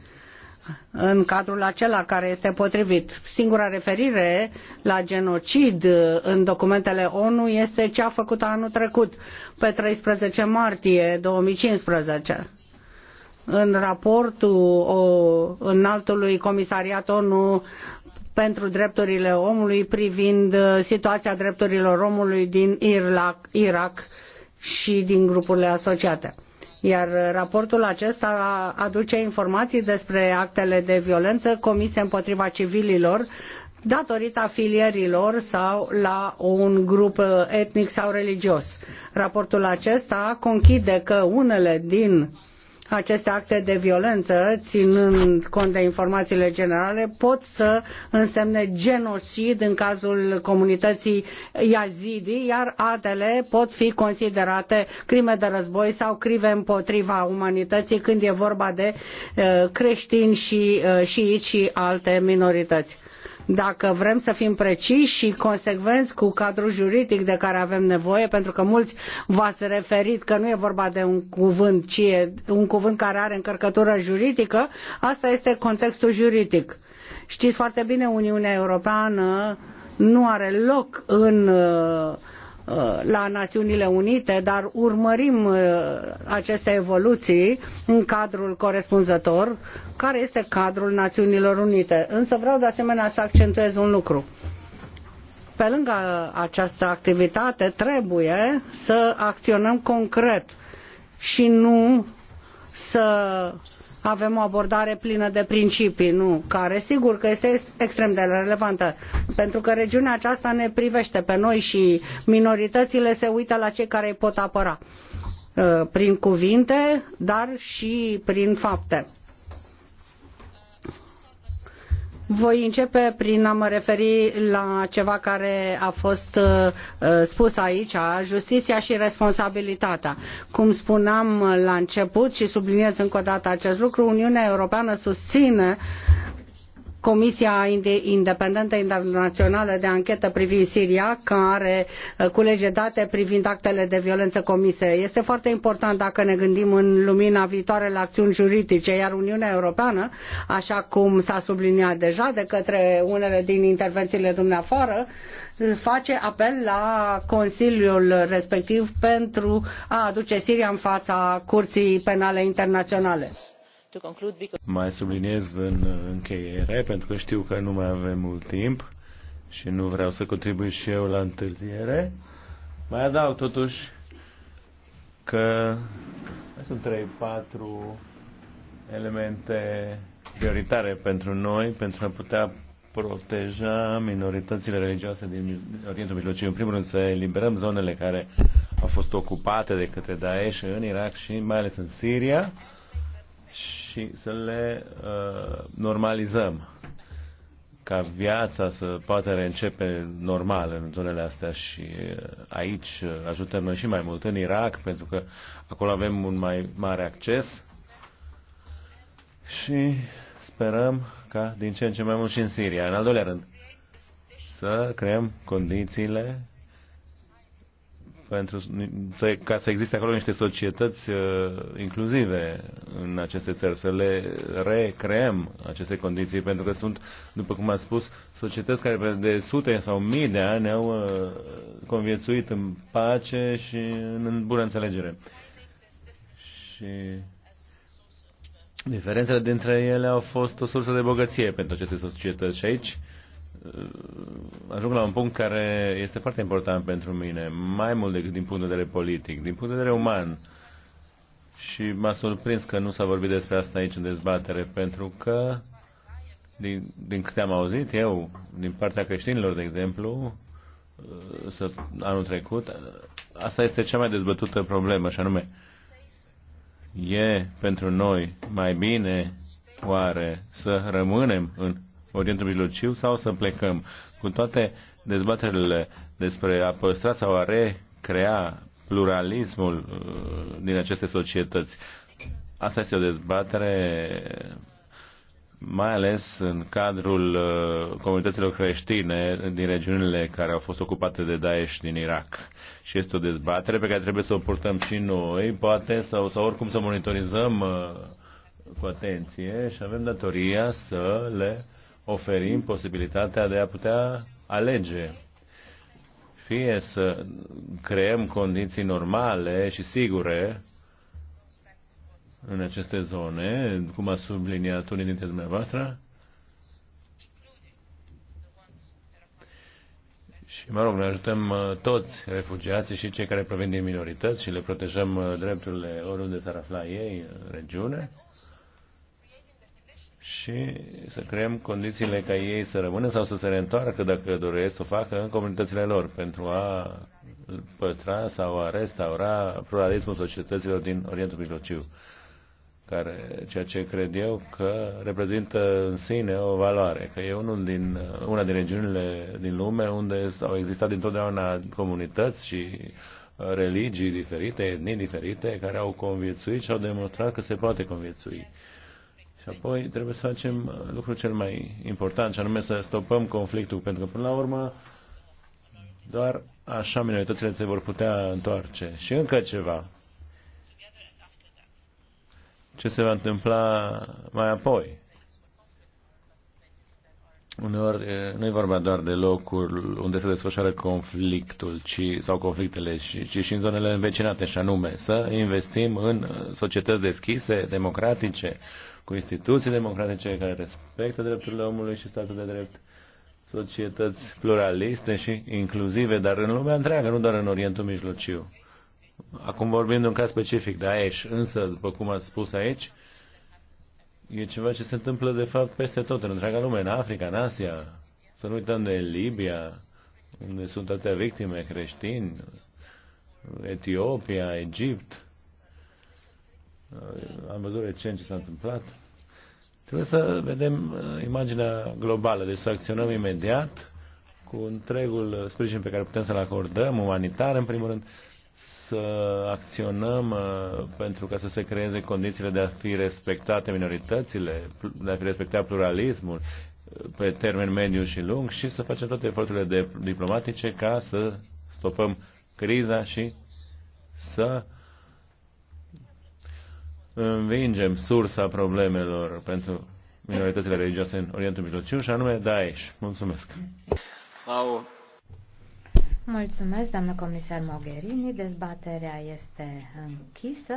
în cadrul acela care este potrivit. Singura referire la genocid în documentele ONU este cea făcută anul trecut, pe 13 martie 2015 în raportul o, înaltului comisariat ONU pentru drepturile omului privind uh, situația drepturilor omului din Irlac, Irak și din grupurile asociate. Iar uh, raportul acesta aduce informații despre actele de violență comise împotriva civililor datorită afilierilor sau la un grup uh, etnic sau religios. Raportul acesta conchide că unele din aceste acte de violență, ținând cont de informațiile generale, pot să însemne genocid în cazul comunității Yazidi, iar adele pot fi considerate crime de război sau crime împotriva umanității când e vorba de uh, creștini și uh, și, și alte minorități dacă vrem să fim preciși și consecvenți cu cadrul juridic de care avem nevoie, pentru că mulți v-ați referit că nu e vorba de un cuvânt, ci e un cuvânt care are încărcătură juridică, asta este contextul juridic. Știți foarte bine, Uniunea Europeană nu are loc în uh, Uh, la Națiunile Unite, dar urmărim uh, aceste evoluții în cadrul corespunzător, care este cadrul Națiunilor Unite. Însă vreau de asemenea să accentuez un lucru. Pe lângă această activitate trebuie să acționăm concret și nu să avem o abordare plină de principii, nu, care sigur că este extrem de relevantă, pentru că regiunea aceasta ne privește pe noi și minoritățile se uită la cei care îi pot apăra uh, prin cuvinte, dar și prin fapte voi începe prin a mă referi la ceva care a fost uh, uh, spus aici, justiția și responsabilitatea. Cum spuneam la început și subliniez încă o dată acest lucru, Uniunea Europeană susține Comisia Independentă Internațională de Anchetă privind Siria, care uh, culege date privind actele de violență comise. Este foarte important dacă ne gândim în lumina viitoarelor acțiuni juridice, iar Uniunea Europeană, așa cum s-a subliniat deja de către unele din intervențiile dumneavoastră, face apel la Consiliul respectiv pentru a aduce Siria în fața Curții Penale Internaționale. Mai subliniez în încheiere, pentru că știu că nu mai avem mult timp și nu vreau să contribui și eu la întârziere. Mai adaug totuși că mai sunt 3-4 elemente prioritare pentru noi, pentru a putea proteja minoritățile religioase din Orientul Mijlociu. În primul rând să eliberăm zonele care au fost ocupate de către Daesh în Irak și mai ales în Siria și să le uh, normalizăm ca viața să poată reîncepe normal în zonele astea și uh, aici uh, ajutăm noi și mai mult în Irak pentru că acolo avem un mai mare acces și sperăm ca din ce în ce mai mult și în Siria. În al doilea rând, să creăm condițiile pentru, ca să existe acolo niște societăți uh, inclusive în aceste țări, să le recreăm aceste condiții, pentru că sunt, după cum am spus, societăți care de sute sau mii de ani au uh, conviețuit în pace și în bună înțelegere. Și diferențele dintre ele au fost o sursă de bogăție pentru aceste societăți și aici Uh, ajung la un punct care este foarte important pentru mine, mai mult decât din punct de vedere politic, din punct de vedere uman. Și m-a surprins că nu s-a vorbit despre asta aici în dezbatere, pentru că, din, din câte am auzit eu, din partea creștinilor, de exemplu, uh, anul trecut, uh, asta este cea mai dezbătută problemă, și anume, e pentru noi mai bine oare să rămânem în Orientul Mijlociu sau să plecăm cu toate dezbaterile despre a păstra sau a recrea pluralismul uh, din aceste societăți. Asta este o dezbatere mai ales în cadrul uh, comunităților creștine din regiunile care au fost ocupate de Daesh din Irak. Și este o dezbatere pe care trebuie să o purtăm și noi, poate, sau, sau oricum să monitorizăm uh, cu atenție și avem datoria să le oferim posibilitatea de a putea alege fie să creăm condiții normale și sigure în aceste zone, cum a subliniat unii dintre dumneavoastră, Și, mă rog, ne ajutăm uh, toți refugiații și cei care provin din minorități și le protejăm uh, drepturile oriunde s-ar afla ei în uh, regiune și să creăm condițiile ca ei să rămână sau să se reîntoarcă dacă doresc să o facă în comunitățile lor pentru a păstra sau a restaura pluralismul societăților din Orientul Mijlociu, care, ceea ce cred eu că reprezintă în sine o valoare, că e unul din, una din regiunile din lume unde au existat dintotdeauna comunități și religii diferite, etnii diferite, care au conviețuit și au demonstrat că se poate conviețui. Și apoi trebuie să facem lucrul cel mai important, și anume să stopăm conflictul, pentru că până la urmă doar așa minoritățile se vor putea întoarce. Și încă ceva. Ce se va întâmpla mai apoi? Uneori nu e vorba doar de locuri unde se desfășoară conflictul ci, sau conflictele, ci, ci și în zonele învecinate, și anume să investim în societăți deschise, democratice, cu instituții democratice care respectă drepturile omului și statul de drept, societăți pluraliste și inclusive, dar în lumea întreagă, nu doar în Orientul Mijlociu. Acum vorbim de un caz specific, Daesh, însă, după cum ați spus aici, e ceva ce se întâmplă, de fapt, peste tot, în întreaga lume, în Africa, în Asia, să nu uităm de Libia, unde sunt atâtea victime creștini, Etiopia, Egipt, Uh, am văzut recent ce s-a întâmplat. Trebuie să vedem uh, imaginea globală, deci să acționăm imediat cu întregul uh, sprijin pe care putem să-l acordăm, umanitar în primul rând, să acționăm pentru ca să se creeze condițiile de a fi respectate minoritățile, de a fi respectat pluralismul pe termen mediu și lung și să facem toate eforturile de diplomatice ca să stopăm criza și să uh, învingem sursa problemelor pentru minoritățile religioase în Orientul Mijlociu și anume Daesh. Mulțumesc! Au. Mulțumesc, doamnă comisar Mogherini. Dezbaterea este închisă.